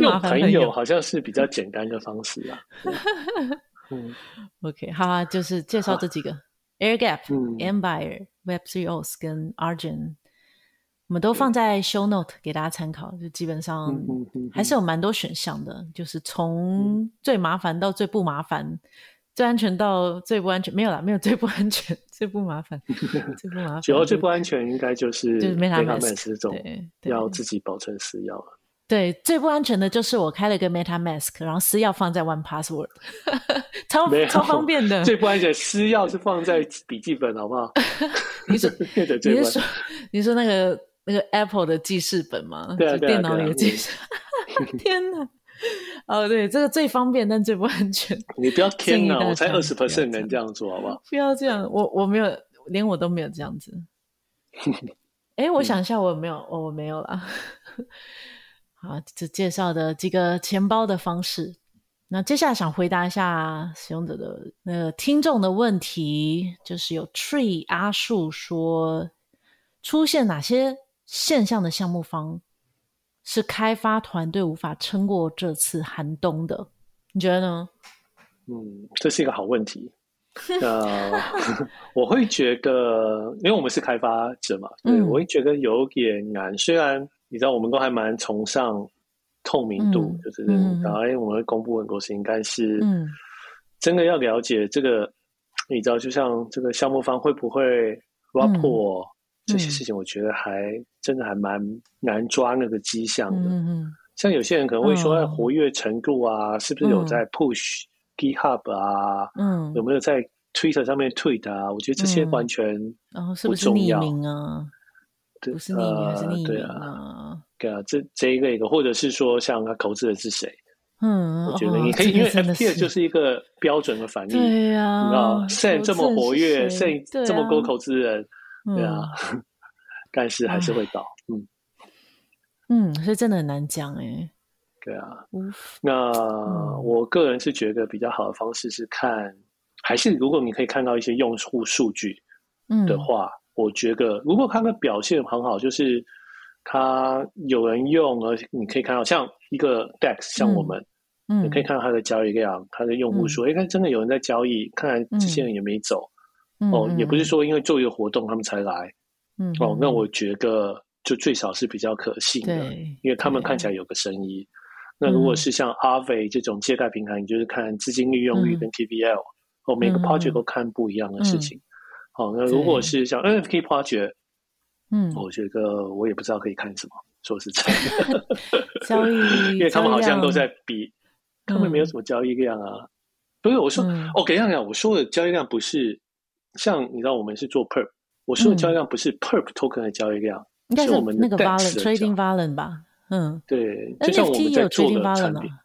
Speaker 1: 用 朋，朋友
Speaker 2: 好像是比較簡單的方式啊。 嗯
Speaker 1: ，OK，好、啊，就是介紹這幾個 Air Gap Empire，、嗯、e m v i r e Web3OS 跟 Argent 我們都放在 Show Note 給大家參考、嗯。就基本上還是有蠻多選項的、嗯哼哼，就是從最麻煩到最不麻煩、嗯，最安全到最不安全，沒有啦，沒有最不安全，最不麻煩， 最不麻煩。主要最不
Speaker 2: 安全應該就是就是 MetaMask 跟他們也是這種，對，要自己保存私鑰了。
Speaker 1: 對，最不安全的就是我開了個 MetaMask，然後私鑰放在 One Password，
Speaker 2: 超超方便的。最不安全，私鑰是放在筆記本，好不好？ 你是說， 你是說 你，是
Speaker 1: 說你說那個那個 Apple 的記
Speaker 2: 事本嗎？對、啊、電腦裡的記事、啊
Speaker 1: 啊、 天哪！ 哦，對，這個最方便但最不安全。你不
Speaker 2: 要天哪！ 我才二十 percent 能這樣做好 不好這？
Speaker 1: 不要這樣，我我沒有，連我都沒有這樣子。哎， 我想一下，我沒有， 哦、我沒有了。 啊，這介紹的幾個錢包的方式。那接下來想回答一下使用者的那個聽眾的問題，就是有 Tree 阿樹說，出現哪些現象的項目方是開發團隊無法撐過這次寒冬的？你覺得呢？嗯，
Speaker 2: 這是一個好問題。 呃，我會覺得，因為我們是開發者嘛，對嗯，我會覺得有點難。雖然。你知道我們都還蠻崇尚透明度，嗯、就是然後、嗯、我們會公布很多事情，應該是真的要了解這個。嗯、你知道，就像這個項目方會不會拉破、嗯、這些事情，我覺得還真的還蠻難抓那個跡象的、嗯嗯。像有些人可能會說在活躍程度啊、嗯，是不是有在 Push GitHub 啊，嗯、有沒有在 Twitter 上面推的啊？我覺得這些完全
Speaker 1: 不重要、嗯哦、是不是匿名
Speaker 2: 啊？對，不是匿名還是匿名啊？呃對啊，這這一個一個，或者是說像他投資的是誰？嗯，
Speaker 1: 我覺得你可以，哦、因為 M P 二就
Speaker 2: 是一個標準的反應，對、嗯、啊，賽這麼活躍，賽這麼多投資人，
Speaker 1: 對啊、嗯，
Speaker 2: 但是還是會倒，
Speaker 1: 嗯，嗯，是真的很難講哎、欸，對啊、
Speaker 2: 嗯，那我個人是覺得比較好的方式是看，還是如果你可以看到一些用戶數據，嗯的話，我覺得如果他的表現很好，就是。他有人用，而且你可以看到，像一個 DEX，像我們、嗯嗯，你可以看到他的交易量、他的用戶數，哎、嗯，看、欸、真的有人在交易。看來這些人也沒走，嗯、哦、嗯，也不是說因為做一個活動他們才來、嗯，哦，那我覺得就最少是比較可信的，嗯嗯、因為他們看起來有個生意。那如果是像 Aave 這種借貸平台、嗯，你就是看資金利用率跟 TVL、嗯、哦，每個 project 都看不一樣的事情。好、嗯嗯哦，那如果是像 NFT PROJECT。嗯，我覺得我也不知道可以看什麼，說實在， 交易， 因為他們好像都在比，他們沒有什麼交易量啊。所、嗯、以我說哦，K 這樣講，我說的交易量不是像你知道我們是做 PERP，、嗯、我說的交易量不是 PERP token 的交易量，應該是那個 Volume，我們的代幣 Trading
Speaker 1: Volume 吧？
Speaker 2: 嗯，對，就像我們在做的產品，啊、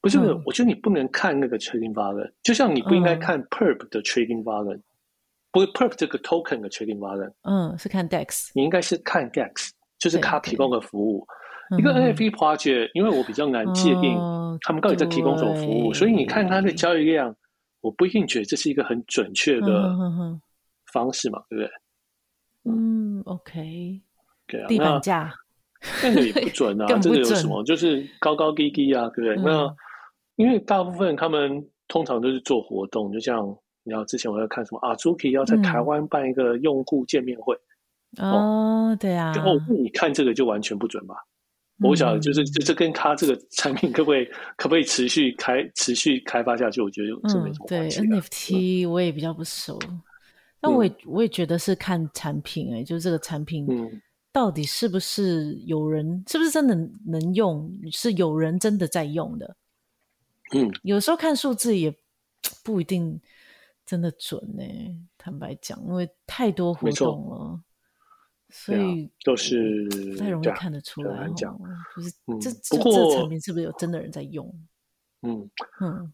Speaker 2: 不是、嗯，我覺得你不能看那個 Trading Volume，就像你不應該看 PERP 的 Trading Volume。不會，perp 這個 token 的確定 value 嗯，
Speaker 1: 是看 dex。你
Speaker 2: 應該是看 dex，就是它提供的服務。對對嗯、一個 NFT project，因為我比較難界定、嗯、他們到底在提供什麼服務，所以你看它的交易量對對，我不一定覺得這是一個很準確的方式嘛，嗯、式嘛對不對？嗯，OK。對啊，地板價那，那個也不準啊，這 個有什麼？就是高高低低啊，對不對？嗯、那因為大部分他們通常都是做活動，就像。然後之前我要看什麼啊？Azuki 要在台灣辦一個用戶見面會、嗯、哦，
Speaker 1: 對啊。哦，
Speaker 2: 你看這個就完全不準吧？嗯、我想得、就是，就是就這跟他這個產品可不可以、嗯、可不可以持續開持續開發下去？我覺得沒什麼
Speaker 1: 嗯，對、啊、NFT 我也比較不熟，嗯、但我也我也覺得是看產品哎、欸，就是這個產品、嗯、到底是不是有人是不是真的能用？是有人真的在用的？嗯，有時候看數字也不一定。真的準呢，坦白講，因為太多活動了，
Speaker 2: 所以都是太容易看得出來。就
Speaker 1: 是，嗯，這不過是不是有真的人在用？
Speaker 2: 嗯，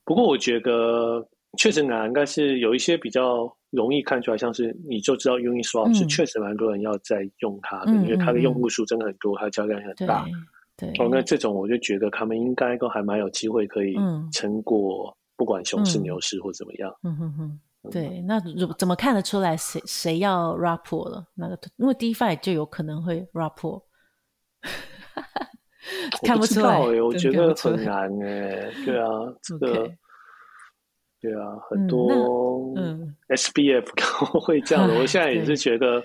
Speaker 2: 不過我覺得確實難，應該是有一些比較容易看出來，像是你就知道 Uniswap 是確實蠻多人要在用它的，因為它的用戶數真的很多，它的交易量很大。對，我看這種我就覺得他們應該都還蠻有機會可以撐過，不管熊市、牛市或怎麼樣。
Speaker 1: 嗯嗯嗯。對，那怎怎麼看得出來誰誰要拉破了？那個，因為 DeFi 就有可能會拉破
Speaker 2: 看不出來，我,、欸、我覺得很難誒、欸。對啊，這個，okay. 對啊，很多、嗯嗯、SBF 會這樣的。我現在也是覺得，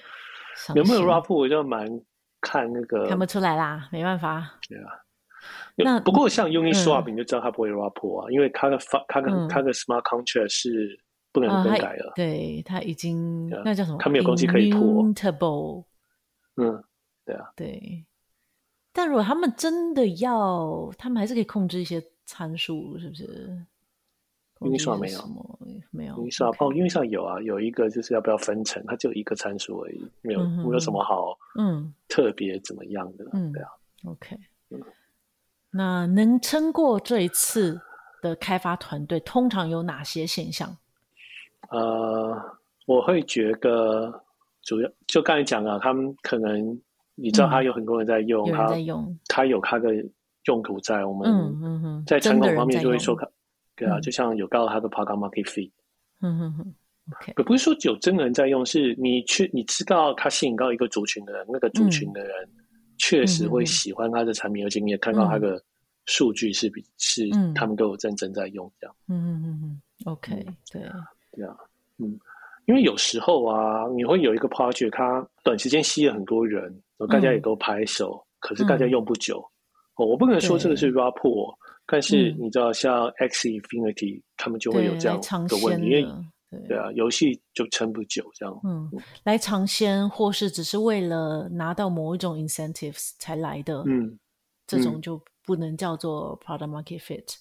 Speaker 1: 有沒有拉
Speaker 2: 破我就蠻看那個。看不出
Speaker 1: 來啦，沒辦法。對啊。那不過像 Uniswap
Speaker 2: 就知道他不會拉破啊，因為他的發，他的他的 smart contract、嗯、是。不能更改了，
Speaker 1: 啊、對他已經、啊、那叫什麼？他沒有攻擊可以拖。嗯，對啊，對。但如果他們真的要，他們還是可以控制一些參數，是不是？
Speaker 2: 控制上沒有？沒有。控制上上有啊，有一個就是要不要分成，它就一個參數而已，沒有、嗯、沒有什麼好嗯特別怎麼樣的，嗯對啊。OK，、
Speaker 1: 嗯、那能撐過這一次的開發團隊，通常有哪些現象？
Speaker 2: 呃，我會覺得主要就剛才講啊，他們可能你知道，他有很多人在用，嗯、他有在用，他有他的用途在。我們、嗯
Speaker 1: 嗯嗯、在成功方面就會說，
Speaker 2: 對啊、嗯，就像有告他的 Parker Market Fee 嗯。嗯嗯嗯可不是說有真人在用，是你去，你知道他吸引到一個族群的人，那個族群的人，確實會喜歡他的產品，嗯嗯、而且你也看到他的數據是比、嗯、是他們都有真正在用這樣。
Speaker 1: 嗯嗯嗯嗯，OK，對啊。
Speaker 2: 這樣，嗯，因為有時候啊，你會有一個 project，它短時間吸了很多人，大家也都拍手，嗯，可是大家用不久，嗯哦、我不可能說這個是 rapo，但是你知道像 Axie Infinity、嗯，像 Axie Infinity 他們就會有這樣的問題，對，對，對啊，遊戲就撐不久這樣。嗯，
Speaker 1: 嗯來嚐鮮或是只是為了拿到某一種 incentives 才來的，嗯，
Speaker 2: 這種
Speaker 1: 就不能叫做 product market fit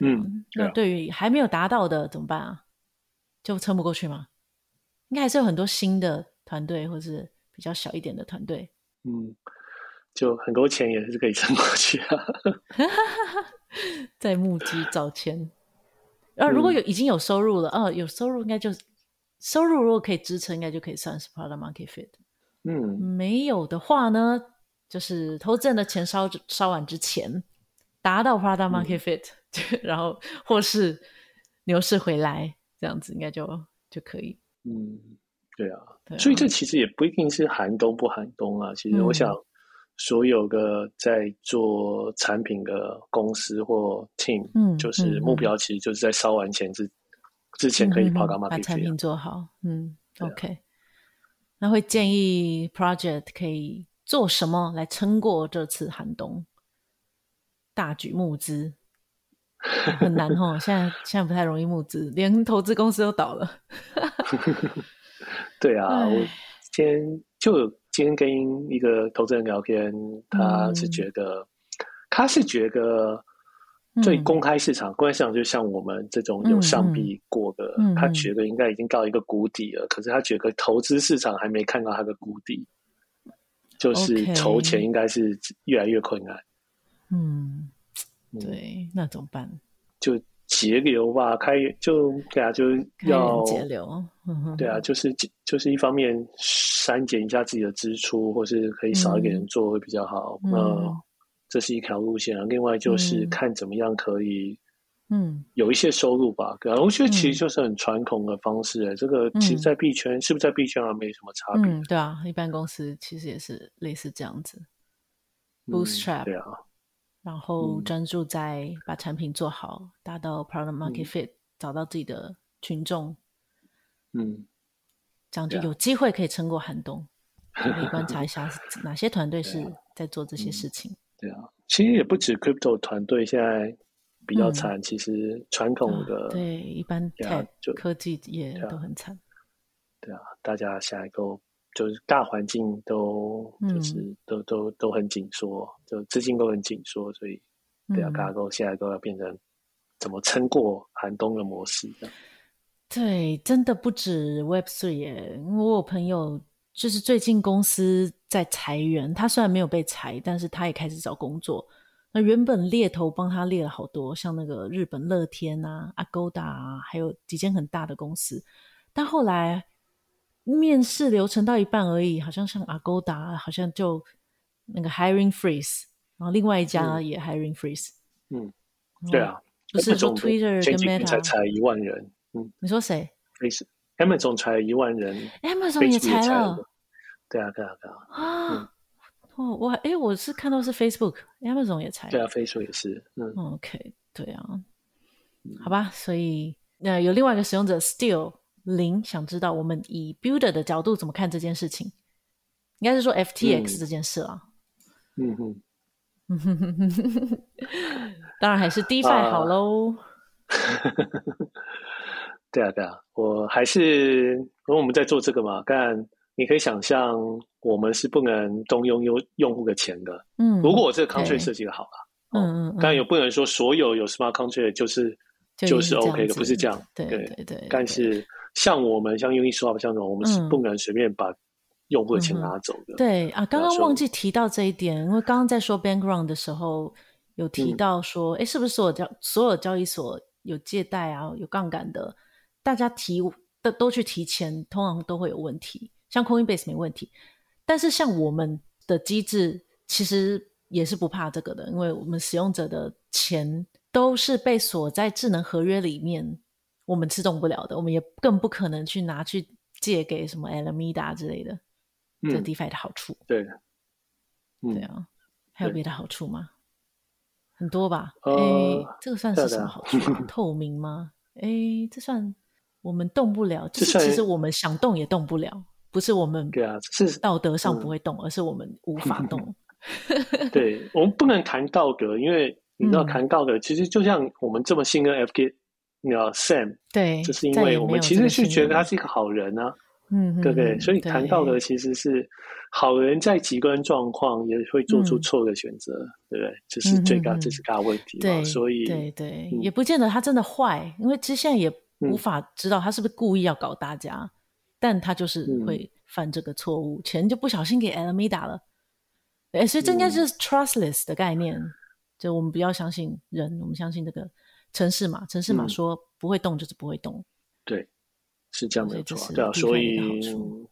Speaker 1: 嗯。嗯，
Speaker 2: 那
Speaker 1: 對於還沒有達到的怎麼辦啊？就撐不過去嗎？應該還是有很多新的團隊，或是比較小一點的團隊。嗯，
Speaker 2: 就很多錢也是可以撐過去啊。
Speaker 1: 在募集找錢，啊，如果有已經有收入了，啊，有收入應該就收入如果可以支撐，應該就可以算是 product market fit。嗯，沒有的話呢，就是投資人的錢燒燒完之前達到 product market fit、嗯、然後或是牛市回來。這樣子應該就就可以。
Speaker 2: 嗯對，啊，對啊，所以這其實也不一定是寒冬不寒冬啊。嗯、其實我想，所有的在做產品的公司或 team，嗯，就是目標其實就是在燒完錢之、嗯、之前可以、啊嗯嗯、把產品
Speaker 1: 做好。嗯、啊、OK。那會建議 project 可以做什麼來撐過這次寒冬？大舉募資。 哦、很難哦，現在現在不太容易募資，連投資公司都倒了。
Speaker 2: 對啊，我今天就今天跟一個投資人聊天，他是覺得，嗯、他是覺得，最公開市場、嗯，公開市場就像我們這種有上幣過的嗯嗯，他覺得應該已經到一個谷底了嗯嗯。可是他覺得投資市場還沒看到他的谷底，就是籌錢應該是越來越困難。嗯。嗯、對，那怎麼辦？就節流吧，開就對啊，就要節流。 對啊，就是就是一方面刪減一下自己的支出，或是可以少一點人做會比較好。嗯、那這是一條路線啊、嗯。另外就是看怎麼樣可以，嗯，有一些收入吧。我覺得其實就是很傳統的方式、欸。哎、嗯，這個其實在幣圈、嗯、是不是在幣圈啊沒什麼差別、嗯？
Speaker 1: 對啊，一般公司其實也是類似這樣子
Speaker 2: ，Bootstrap、嗯、對啊。
Speaker 1: 然後專注在把產品做好，嗯、達到 product market fit、嗯、找到自己的群眾，嗯，這樣就有機會可以撐過寒冬。可以觀察一下哪些團隊是在做這些事情
Speaker 2: 對、啊嗯。對啊，其實也不止 crypto 團隊現在比較慘，嗯、其實傳統的、嗯、對、啊、對
Speaker 1: 一般 tech、啊、科技也都很慘。
Speaker 2: 對啊，對啊大家下一個。就是大環境都，就是都、嗯、都都,都很緊縮，就資金都很緊縮，所以、啊、大家都現在都要變成怎麼撐過寒冬的模式。
Speaker 1: 對，真的不止 Web Three 耶，我有朋友，就是最近公司在裁員，他雖然沒有被裁，但是他也開始找工作。那原本獵頭幫他獵了好多，像那個日本樂天啊、阿勾達啊，還有幾間很大的公司，但後來。面試流程到一半而已，好像像 Agoda，好像就那個 hiring freeze，然後另外一家也 hiring freeze。嗯，嗯嗯嗯對啊，不是做 Twitter、欸、跟 Meta 才
Speaker 2: 才一萬人。嗯，你說誰 a Amazon 才一萬人。
Speaker 1: 嗯、Amazon 也裁了。
Speaker 2: 對、嗯、啊，對啊，對啊。哦、
Speaker 1: 啊啊啊啊嗯，我哎、欸，我是看到是 Facebook Amazon 也裁了。對
Speaker 2: 啊，Facebook 也是。嗯，OK，對啊，
Speaker 1: 好吧，所以那有另外一個使用者 Still。Still, 林想知道，我們以 builder 的角度怎麼看這件事情？應該是說 FTX、嗯、這件事啊。嗯哼， 當然還是 DeFi 好嘍、
Speaker 2: 啊。 對啊對啊，我還是因為我們在做這個嘛，但你可以想象，我們是不能動用用用戶的錢的。嗯。如果我這個 contract 設計的好了，嗯、哦、嗯，當然、嗯、也不能說所有有 smart contract 就是就是,就是 OK 的，不是這樣。對對對，但是。像我們，像用一說，話像這種，我們是不敢隨便把用戶的錢拿走的。嗯、對
Speaker 1: 啊，剛剛忘記提到這一點，因為剛剛在說 bank run 的時候有提到說，誒、嗯欸，是不是所有交所有交易所有借貸啊、有槓桿的，大家提都都去提錢，通常都會有問題。像 Coinbase 沒問題，但是像我們的機制其實也是不怕這個的，因為我們使用者的錢都是被鎖在智能合約裡面。我們是動不了的，我們也更不可能去拿去借給什麼 Alameda 之類的。嗯，這 DeFi 的好
Speaker 2: 處。對，嗯、對
Speaker 1: 啊，對還有別的好處嗎？很多吧。哎、呃欸，這個算是什麼好處？啊啊、透明嗎？哎、 欸，這算我們動不了這，就是其實我們想動也動不了，不是我們啊，是道德上不會動、啊，而是我們無法動。嗯、
Speaker 2: 對，我們不能談道德，因為你知道，談道德其實就像我們這麼信任 FK。你要 Sam，
Speaker 1: 對，就是因為我們其實是覺得
Speaker 2: 他是一個好人呢、啊，嗯，對不對？所以談到的其實是好人在極端狀況也會做出錯的選擇，嗯、對不對？這、就是最大、是、嗯、大問題。對，所以對對，對、
Speaker 1: 嗯，也不見得他真的壞，因為其實現在也無法知道他是不是故意要搞大家，嗯、但他就是會犯這個錯誤，錢、嗯、就不小心給 Alameda 了。哎，所以真的是 trustless 的概念、嗯，就我們不要相信人，我們相信這個。城市嘛，城市嘛，說不會動就是不會動，
Speaker 2: 嗯、對，是這樣沒錯、啊、這是的一個，對啊，所以，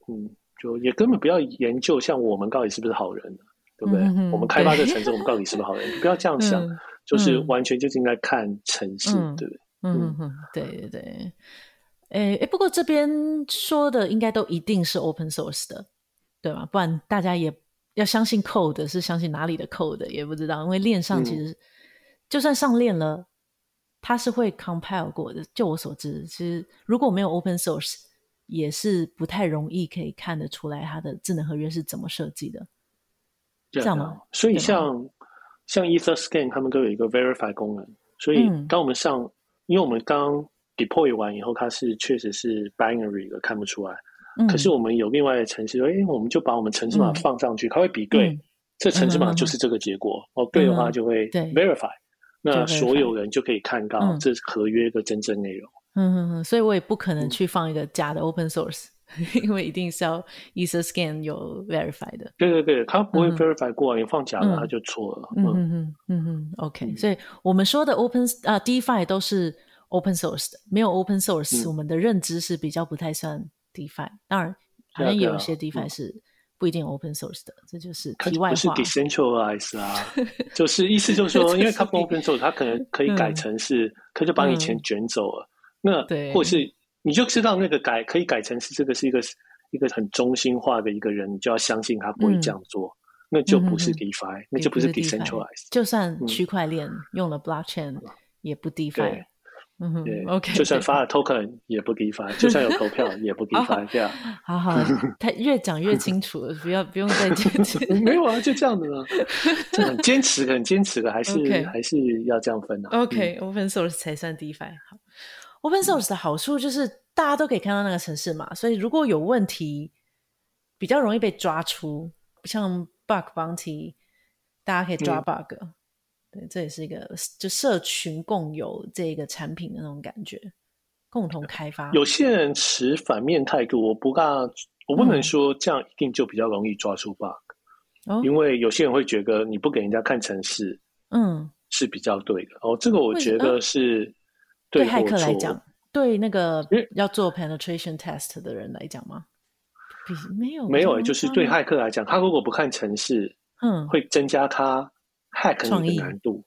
Speaker 2: 嗯，就也根本不要研究，像我們到底是不是好人，嗯、對
Speaker 1: 不對、嗯嗯？我們開發這城市，我們
Speaker 2: 到底是不是好人？嗯、不要這樣想、嗯，就是完全就是應該看城市，對、嗯、不對？嗯哼、
Speaker 1: 嗯，對對對，哎、欸欸，不過這邊說的應該都一定是 open source 的，對嗎？不然大家也要相信 code 是相信哪裡的 code 也不知道，因為鏈上其實、嗯、就算上鏈了。它是會 compile 過的。就我所知，其實如果沒有 open source，也是不太容易可以看得出來它的智能合約是怎麼設計的。對對對，
Speaker 2: 這樣嗎？所以像像 EtherScan 他們都有一個 verify 功能。所以當我們上，嗯、因為我們剛 deploy 完以後，它是確實是 binary 的，看不出來、嗯。可是我們有另外的程式，哎、欸，我們就把我們程式碼放上去、嗯，它會比對。嗯、這程式碼就是這個結果。哦、嗯，對的話就會 verify、嗯。對那所有人就可以看到這是合約的真正內容。嗯
Speaker 1: 嗯、所以我也不可能去放一個假的 open source，、嗯、因為一定是要 Etherscan 有 verify 的。
Speaker 2: 對對對，他不會 verify 過，嗯、你放假了他就錯了。嗯嗯
Speaker 1: 嗯 okay, 嗯 OK 所以我們說的 open 啊 DeFi 都是 open source，的，沒有 open source，、嗯、我們的認知是比較不太算 DeFi。當然，
Speaker 2: 好像也有些 DeFi
Speaker 1: 是。不一定 open source 的，這就是題外話。可不是
Speaker 2: decentralized 啊， 就是意思就是說， 因為它不 open source，它可能可以改成是，嗯、可就把你錢捲走了。嗯、那對或是你就知道那個改可以改成是這個是一個一個很中心化的一個人，你就要相信他不會這樣做，嗯、那就不是 DeFi，嗯嗯嗯那就不是 decentralized。就
Speaker 1: 算區塊鏈用了 blockchain，、嗯、也不 DeFi。
Speaker 2: 嗯 OK 就算發了 token 也不給發，就算有投票也不給發 Yeah，這樣。
Speaker 1: 好，好，他越講越清楚了， 不要不用再堅持。 沒有啊，就這樣的啊，很堅
Speaker 2: 持很堅持的，還是、okay. 還是要這樣分的、啊。
Speaker 1: OK，open、okay, 嗯、source 才算 DeFi。open source 的好處就是大家都可以看到那個程式嘛、嗯，所以如果有問題，比較容易被抓出，像 bug Bounty，大家可以抓 bug。嗯對，這也是一個就社群共有這一個產
Speaker 2: 品的那種感覺，
Speaker 1: 共同開發。有
Speaker 2: 些人持反面態度，我不敢，我不能說這樣一定就比較容易抓出 bug，、嗯、因為有些人會覺得你不給人家看程式，
Speaker 1: 嗯，
Speaker 2: 是比較對的、嗯。哦，這個我覺得是對,、呃、對駭客來講，
Speaker 1: 對那個要做 penetration test 的人來講嗎？嗯、沒有，沒有剛剛，就是對駭客
Speaker 2: 來講，他如果不看程式，
Speaker 1: 嗯，會
Speaker 2: 增加他。Hack 你的難度，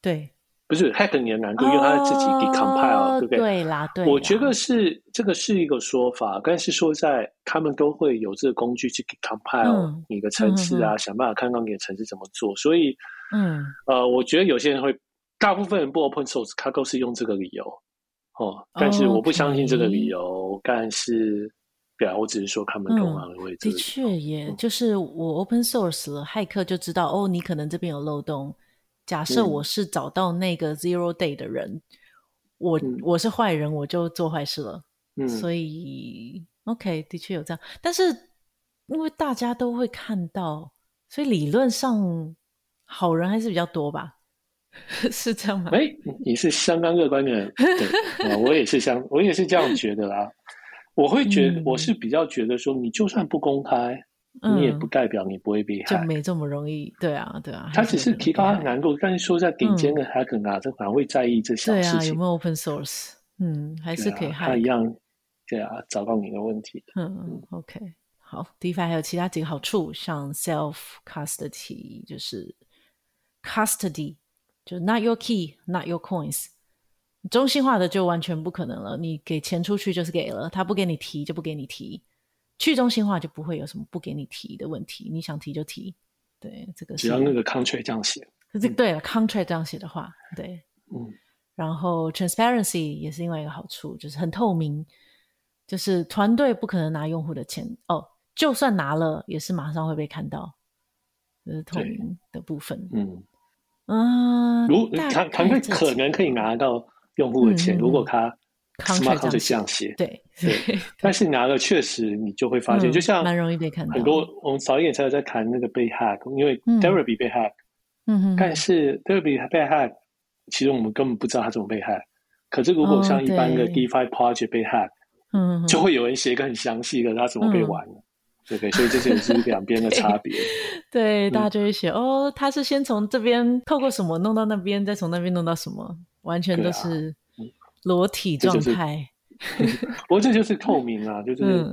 Speaker 2: 對，不是 Hack 你的難度，因為他自己 decompile，、哦、對不對？對啦，對啦。我覺得是這個是一個說法，但是說在他們都會有這個工具去 decompile 你的程式啊、嗯，想辦法看看你的程式怎麼做、嗯。所以，嗯，呃，我覺得有些人會，大部分人不 open source，他都是用這個理由。哦，但是我不相信這個理由，哦 okay、但是。對啊，我只是說看不懂啊，位置，就是。的確，
Speaker 1: 也、嗯，就是我 open source 了，駭客就知道哦，你可能這邊有漏洞。假設我是找到那個 zero day 的人，嗯、我、嗯、我是壞人，我就做壞事了。嗯，所以 OK，的確有這樣。但是因為大家都會看到，所以理論上好人還是比較多吧？ 是這樣嗎？欸、
Speaker 2: 你是相當樂觀的人。 對、嗯、我也是相，我也是這樣覺得啦。 我會覺得、嗯，我是比較覺得說，你就算不公開、
Speaker 1: 嗯，你也不
Speaker 2: 代表你不會被害、啊，就
Speaker 1: 沒這麼容易。對啊，對啊，他
Speaker 2: 只是提高難度。但是說在頂尖的，他可能啊，這、啊啊啊、還會在意這些？對啊，有
Speaker 1: 沒有 open source？嗯，還是可以害、啊、他一
Speaker 2: 樣，對啊，找到你的問題。嗯，嗯
Speaker 1: ，OK，好，DeFi 還有其他幾個好處，像 self custody，就是 custody，就是 not your key, not your coins。中心化的就完全不可能了，你給錢出去就是給了，他不給你提就不給你提。去中心化就不會有什麼不給你提的問題，你想提就提。對，這個是只要那個
Speaker 2: contract 這樣寫，
Speaker 1: 這個、對了、嗯。contract 這樣寫的話，對、嗯，然後 transparency 也是另外一個好處，就是很透明，就是團隊不可能拿用戶的錢哦，就算拿了也是馬上會被看到，
Speaker 2: 就是透明的部分，嗯，
Speaker 1: 呃、如團隊可
Speaker 2: 能可以拿到。用戶的錢，嗯、如果他 smart contract 這樣寫，對對，對，但是拿了確實你就會發現，就像很多、嗯、很多。我們早一點才有在談那個被 hack 因為 Deriby 被 hack
Speaker 1: 嗯，但
Speaker 2: 是 Deriby 被 hack 其實我們根本不知道他怎麼被 hack，可是如果像一般的 DeFi project 被 hack 嗯、哦，就會有人寫一個很詳細的他怎麼被玩、嗯、對，所以這是兩邊的差別、 嗯。
Speaker 1: 對，大家就會寫哦，他是先從這邊透過什麼弄到那邊，再從那邊弄到什麼。完全都是裸體狀態、啊、我、嗯這，
Speaker 2: 就是、 不過這就是透明啊，對就，就是、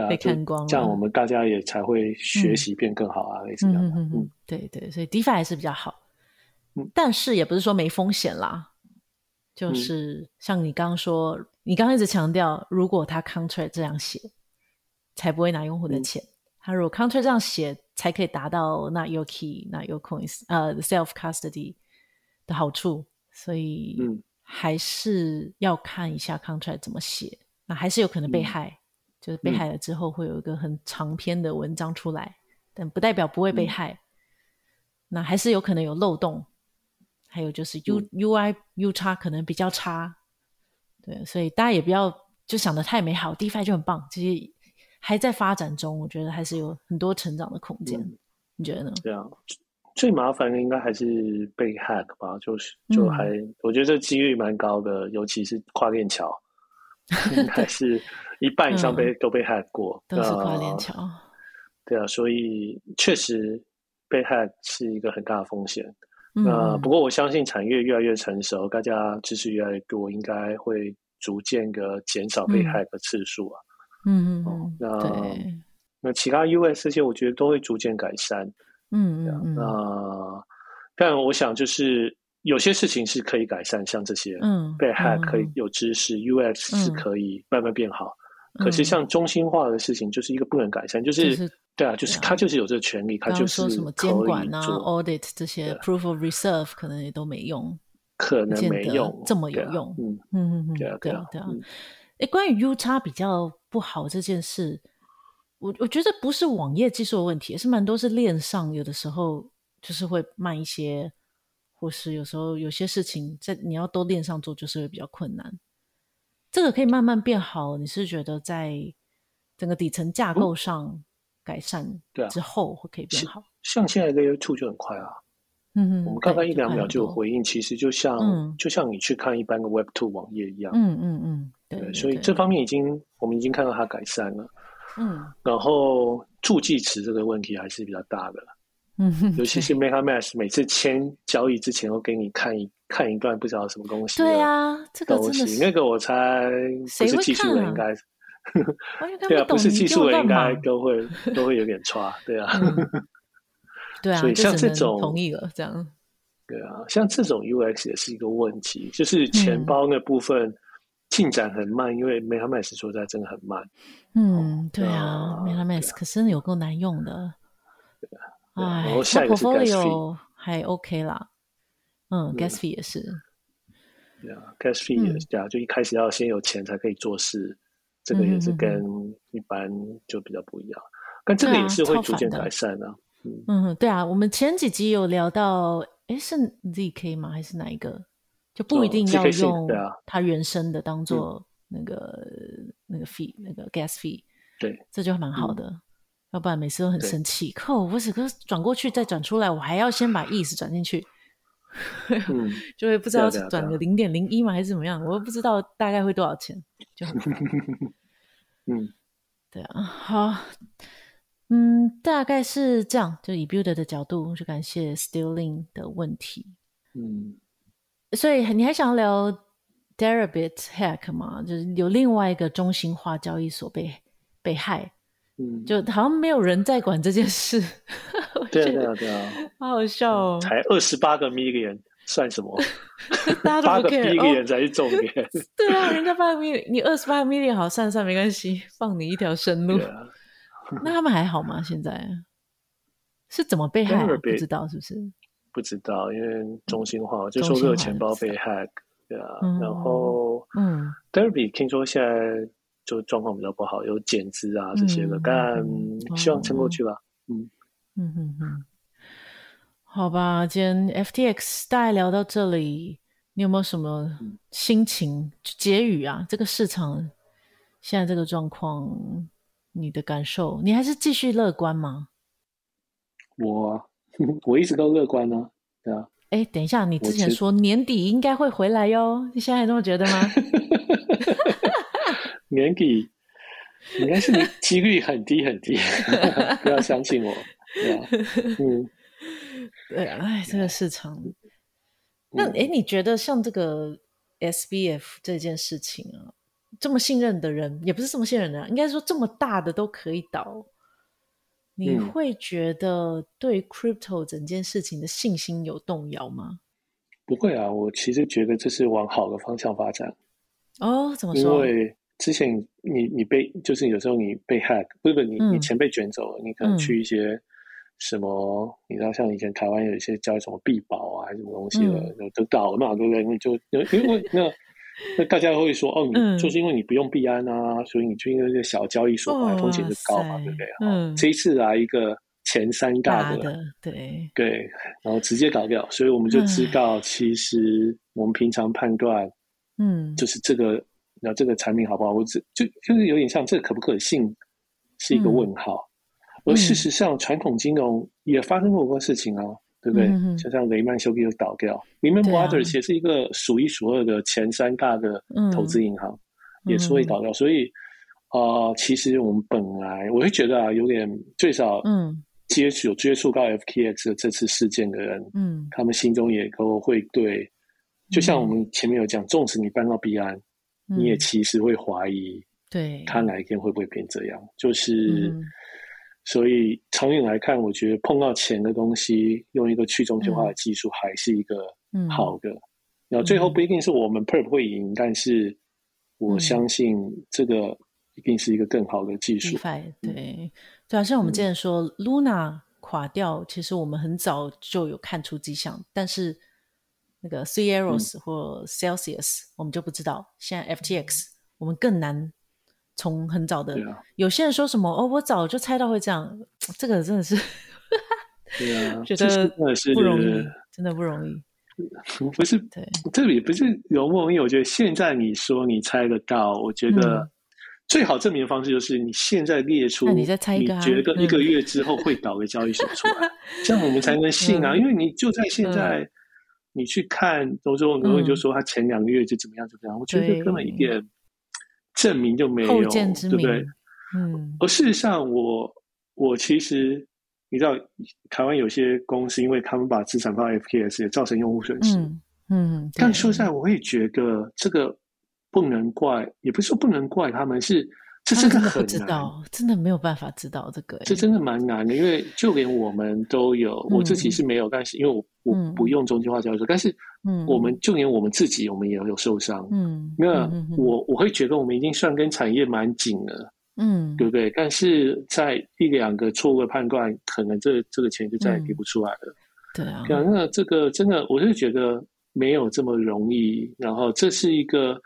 Speaker 2: 啊、被看光這樣，我們大家也才會學習變更好啊、嗯，類似這樣。嗯，嗯嗯嗯
Speaker 1: 對，對對，所以 DeFi 還是比較好，嗯，但是也不是說沒風險啦、嗯。就是像你剛剛說，你剛一直強調，如果他 Contract 這樣寫，才不會拿用戶的錢、嗯；他如果 Contract 這樣寫，才可以達到 Not Your Key、Not Your Coins 呃、uh, Self Custody 的好處。所以還是要看一下 contract 怎麼寫、嗯，那還是有可能被害，嗯、就是被害了之後會有一個很長篇的文章出來，嗯、但不代表不會被害、嗯，那還是有可能有漏洞，嗯、還有就是 U、嗯、UI、UX 可能比較差，對，所以大家也不要就想得太美好，DeFi 就很棒，這些還在發展中，我覺得還是有很多成長的空間、嗯，你
Speaker 2: 覺得呢？對啊最麻煩的應該還是被 hack 吧，就是就還、嗯、我覺得這機率蠻高的，尤其是跨鏈橋，還 是一半以上被、嗯、都被 hack 過。都是跨鏈橋，對啊，所以確實被 hack 是一個很大的風險、嗯。那不過我相信產業越來越成熟，大家知識越來越多，應該會逐漸的減少被 hack 的次數啊。嗯嗯，那那其他 US 這些，我覺得都會逐漸改善。嗯、啊、嗯，那但我想就是有些事情是可以改善，像這些、嗯、被 hack 可以有知識、嗯、U X 是可以慢慢變好、嗯。可是像中心化的事情，就是一個不能改善，嗯、就是、就是、對啊，就是他、啊、就是有這個權利，他就是什麼監管啊
Speaker 1: ，audit 這些 proof of reserve 可能也都沒用，
Speaker 2: 可能沒用這麼有用。
Speaker 1: 嗯嗯、啊、嗯，對啊對啊對啊。哎、啊嗯欸，關於 U 差比較不好這件事。我我覺得不是網頁技術的問題，也是蠻多是鏈上有的時候就是會慢一些，或是有時候有些事情在你要多鏈上做，就是會比較困難。這個可以慢慢變好。你是覺得在整個底層架構上改善，對啊，之後會可以變
Speaker 2: 好。啊、像現在的 Web Two 就很快啊，okay. 嗯嗯，
Speaker 1: 我們剛剛一兩秒
Speaker 2: 就有回應，其實就像、嗯、就像你去看一般的 Web Two 網頁一樣，嗯嗯嗯對對對，對，所以這方面已經我們已經看到它改善了。嗯、然後註記詞這個問題還是比較大的，尤其是 MetaMask 每次簽交易之前，會給你看一看一段不知道什麼東西、啊。對啊，
Speaker 1: 這個東西那
Speaker 2: 個我猜都是技術人應該，對啊，不是技術人應該、啊 啊、都會都會有點差對啊，對啊、嗯， 所以像這種同意了這樣，對啊，像這種 UX 也是一個問題，就是錢包那部分。嗯進展很慢，因為 MetaMask 說做在真的很慢。嗯，
Speaker 1: 對啊，MetaMask 可是有夠難用的。啊啊、哎，下一個是 Gasfi 還 OK 了。嗯，嗯 Gas Fee 也是。
Speaker 2: 啊、Gas Fee 也是這樣、啊嗯啊，就一開始要先有錢才可以做事，嗯、這個也是跟一般就比較不一樣。嗯、但這個也是會逐漸改善啊，啊嗯。嗯，
Speaker 1: 對啊，我們前幾集有聊到，哎，是 ZK 嗎？還是哪一個？就不一定要用它原生的當做那個那個 fee，哦，那個 fee 嗯、那個 gas fee。對，這就蠻好的、嗯。要不然每次都很生氣。可我這個轉過去再轉出來，我還要先把意思轉進去，嗯、
Speaker 2: 就會不知道是轉個
Speaker 1: 零點零一嘛，還是怎麼樣，我又不知道大概會多少錢，就很 嗯，對啊，好，嗯，大概是這樣。就以 builder 的角度去感謝 Stealing 的問題，嗯。所以你還想聊 Deribit Hack 嗎？就是有另外一個中心化交易所被被害，
Speaker 2: 嗯，
Speaker 1: 就好像沒有人在管這件事。
Speaker 2: 對啊， 對啊對啊，好
Speaker 1: 好笑
Speaker 2: 哦！嗯、才二十八個 million 算什麼？ 大家都不 care， 八個 million 才是重點。
Speaker 1: 哦、 對啊，人家八個 million，你二十八 million 好算算沒關係，放你一條生路。Yeah. 那他們還好嗎？現在是怎麼被害、啊？Be... 不知道是不是？
Speaker 2: 不知道，因為中心化，心化就說熱錢包被 hack，、嗯、對啊，嗯、然後嗯，Derby 聽說現在就狀況比較不好，有減資啊這些的，嗯、但希望撐過去吧。哦、嗯嗯嗯
Speaker 1: 好吧，今天 FTX 大概聊到這裡，你有沒有什麼心情結語啊？這個市場現在這個狀況，你的感受，你還是繼續樂觀嗎？
Speaker 2: 我。 我一直都樂觀啊，對
Speaker 1: 啊、欸。哎，等一下，你之前說年底應該會回來喲，你現在還這麼覺得嗎？
Speaker 2: 年底應該是你幾率很低很低， 不要相信我，對吧、
Speaker 1: 啊？ 嗯，對啊，哎，這個市場，嗯、那哎、欸，你覺得像這個 SBF 這件事情啊，這麼信任的人，也不是這麼信任的人、啊，應該說這麼大的都可以倒。你會覺得對 crypto 整件事情的信心有動搖嗎、嗯？
Speaker 2: 不會啊，我其實覺得這是往好的方向發展。
Speaker 1: 哦，怎麼說？因為
Speaker 2: 之前你你被就是有時候你被 hack，不是不是你你錢被卷走了、嗯，你可能去一些什麼，嗯、你知道像以前台灣有一些叫什麼幣寶啊什麼東西的，有、嗯、都倒了嘛？對不對？你就因為那。欸 那大家會說哦，你就是因為你不用幣安啊，嗯、所以你就因為這個小交易所買風險就高嘛，哦、對不對、嗯？這一次來、啊、一個前三大的，對對，然後直接搞掉，所以我們就知道，其實我們平常判斷，嗯，就是這個那、嗯、這個產品好不好，我只就就是有點像這個可不可信是一個問號、嗯，而事實上，傳統金融也發生過很多事情啊、哦。對不對、嗯？就像雷曼兄弟又倒掉，Lehman Brothers 也是一個數一數二的前三大的投資銀行，嗯、也是會倒掉。嗯、所以，啊、呃，其實我們本來我會覺得啊，有點最少接觸接觸到 FTX 的這次事件的人，嗯，他們心中也都會對，嗯、就像我們前面有講，縱使你搬到幣安、嗯，你也其實會懷疑，對他哪一天會不會變這樣，嗯、就是。嗯所以長遠來看，我覺得碰到錢的東西，用一個去中心化的技術還是一個好的。那最後不一定是我們 Perp 會贏，但是我相信這個一定是一個更好的技術、嗯嗯嗯嗯。對，
Speaker 1: 對啊，就好像我們之前說、嗯、Luna 垮掉，其實我們很早就有看出跡象，但是那個 Ceros 或 Celsius 我們就不知道。現在 FTX，我們更難。從很早的，啊，有些人說什麼哦，我早就猜到會這樣，這個真的是，對
Speaker 2: 啊， 覺得真的是不容易，真的不容易，不是，對，這裡不是容不容易，我覺得現在你說你猜得到，我覺得最好證明的方式就是你現在列出，你在猜你覺得一個月之後會倒的交易所出來，這樣，啊、 我們才能信啊、 嗯，因為你就在現在，嗯嗯、你去看，都說某某就說他前兩個月就怎麼樣就怎麼樣，嗯、我覺得這根本一點。嗯證明就沒有，對不對？嗯。而事實上我，我我其實你知道，台灣有些公司，因為他們把資產放到 FTX，也造成用戶損失。嗯。
Speaker 1: 嗯，
Speaker 2: 但說實在，我會覺得這個不能怪，也不是說不能怪，他們是。這真的很
Speaker 1: 難，真的沒有辦法知道這個。這真的
Speaker 2: 蠻難的，因為就連我們都有，我自己是沒有，但是因為我我不用中心化交易所，但是嗯，我們就連我們自己，我們也有受傷。嗯，那我我會覺得我們已經算跟產業蠻緊了，嗯，對不對？但是在一兩個錯誤的判斷，可能這這個錢就再也給不出來
Speaker 1: 了。對啊，
Speaker 2: 那這個真的，我是覺得沒有這麼容易。然後這是一個，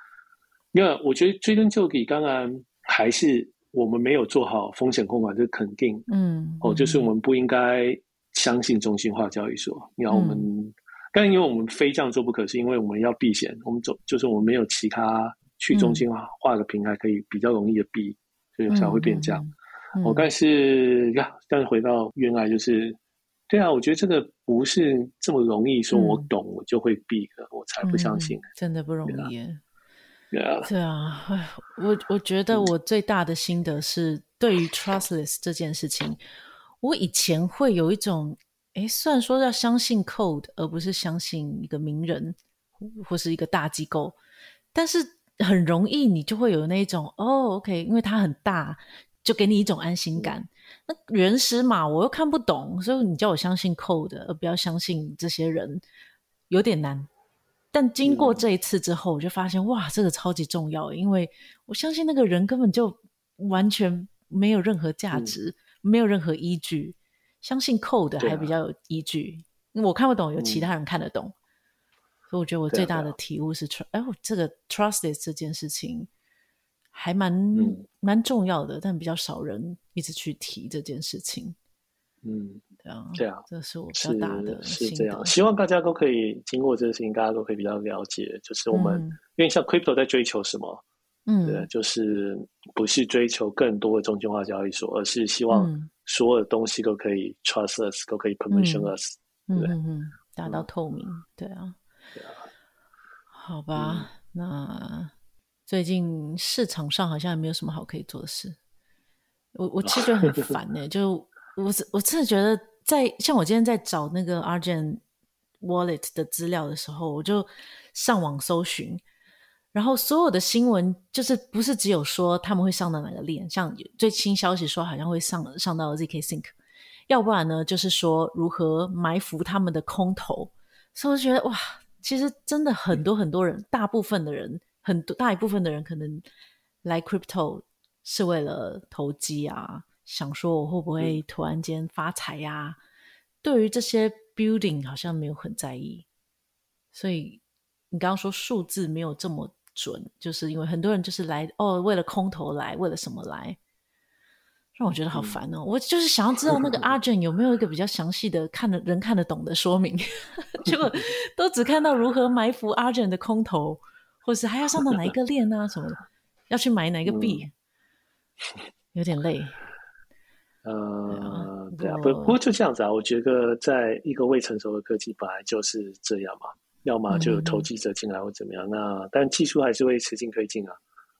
Speaker 2: 那我覺得追根究底，剛剛還是我們沒有做好風險控管，這肯定。嗯，哦，就是我們不應該相信中心化交易所。然、嗯、後我們，但因為我們非這樣做不可，是因為我們要避險。我們走就是我們沒有其他去中心化的平台可以比較容易的避，就有時候會變這樣。嗯嗯、哦，但是呀，但是回到原來，就是對啊，我覺得這個不是這麼容易，說我懂我就會避的，嗯、我才不相信。嗯、
Speaker 1: 真的不容易。Yeah. 對啊，我我覺得我最大的心得是，對於 trustless 這件事情，我以前會有一種，誒、欸，雖然說要相信 code 而不是相信一個名人或是一個大機構，但是很容易你就會有那一種，哦，OK，因為它很大，就給你一種安心感。那原始碼我又看不懂，所以你叫我相信 code 而不要相信這些人，有點難。但經過這一次之後，我就發現、嗯、哇，這個超級重要，因為我相信那個人根本就完全沒有任何價值、嗯，沒有任何依據。相信 code 的還比較有依據、嗯，我看不懂，有其他人看得懂。嗯、所以我覺得我最大的體悟是 trust、嗯，哎呦，我這個 trust 這這件事情還蠻蠻、嗯、重要的，但比較少人一直去提這件事情。嗯。這樣，這是我比較大的心得是是這樣，
Speaker 2: 希望大家都可以經過這個事情，大家都可以比較了解，嗯、就是我們因為像 Crypto 在追求什麼，嗯，對，就是不是追求更多的中心化交易所，而是希望所有的東西都可以 Trust us、嗯、都可以 Permission us，嗯嗯，
Speaker 1: 達、嗯、到透明，嗯、對啊，對啊，好吧、嗯，那最近市場上好像也沒有什麼好可以做的事，我我其實、欸、 就很煩呢，就我我我真的覺得。在像我今天在找那個 Argent Wallet 的資料的時候，我就上網搜尋，然後所有的新聞就是不是只有說他們會上到哪個鏈，像最新消息說好像會上上到 ZK Sync，要不然呢就是說如何埋伏他們的空投，所以我就覺得哇，其實真的很多很多人，大部分的人很多大一部分的人可能來 Crypto 是為了投機啊。想說我會不會突然間發財呀、啊嗯？對於這些 building 好像沒有很在意，所以你剛剛說數字沒有這麼準，就是因為很多人就是來哦，為了空頭來，為了什麼來，讓我覺得好煩哦、喔嗯。我就是想要知道那個阿 t 有沒有一個比較詳細的看得人看得懂的說明， 結果都只看到如何埋伏阿 t 的空頭，或是還要上到哪一個鏈啊什麼的，要去買哪一個幣，有點累。
Speaker 2: 呃、嗯，對啊，對啊，不，不過就這樣子啊。我覺得在一個未成熟的科技，本來就是這樣嘛，要麼就有投機者進來或怎麼樣，嗯嗯，那但技術還是會持續推進啊。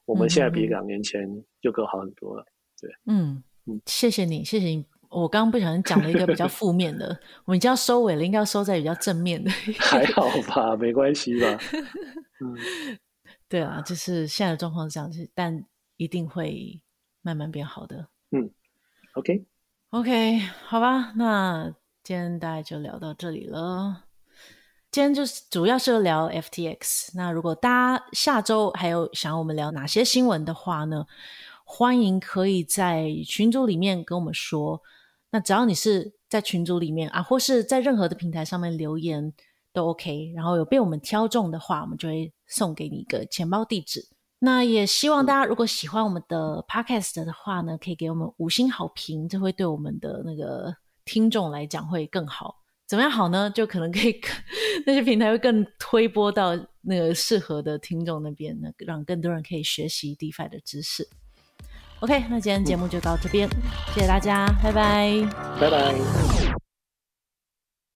Speaker 2: 我們現在比兩年前就更好很多了。嗯嗯嗯，對，嗯，嗯，
Speaker 1: 謝謝你，謝謝你。我剛剛不小心講了一個比較負面的， 我們就要收尾了，應該要收在比較正面的。還
Speaker 2: 好吧，沒關係吧。 嗯，
Speaker 1: 對啊，就是現在的狀況是這樣子，但一定會慢慢變好的。嗯。
Speaker 2: OK，OK，okay.
Speaker 1: Okay, 好吧，那今天大概就聊到這裡了。今天就是主要是聊 FTX。那如果大家下周還有想要我們聊哪些新聞的話呢，歡迎可以在群組裡面跟我們說。那只要你是在群組裡面啊，或是在任何的平台上面留言都 OK。然後有被我們挑中的話，我們就會送給你一個錢包地址。那也希望大家如果喜歡我們的 Podcast 的話呢，可以給我們五星好評，這會對我們的那個聽眾來講會更好。怎麼樣好呢？就可能可以那些平台會更推播到那個適合的聽眾那邊，那讓更多人可以學習 DeFi 的知識。OK，那今天節目就到這邊，謝謝大家，拜拜，拜拜。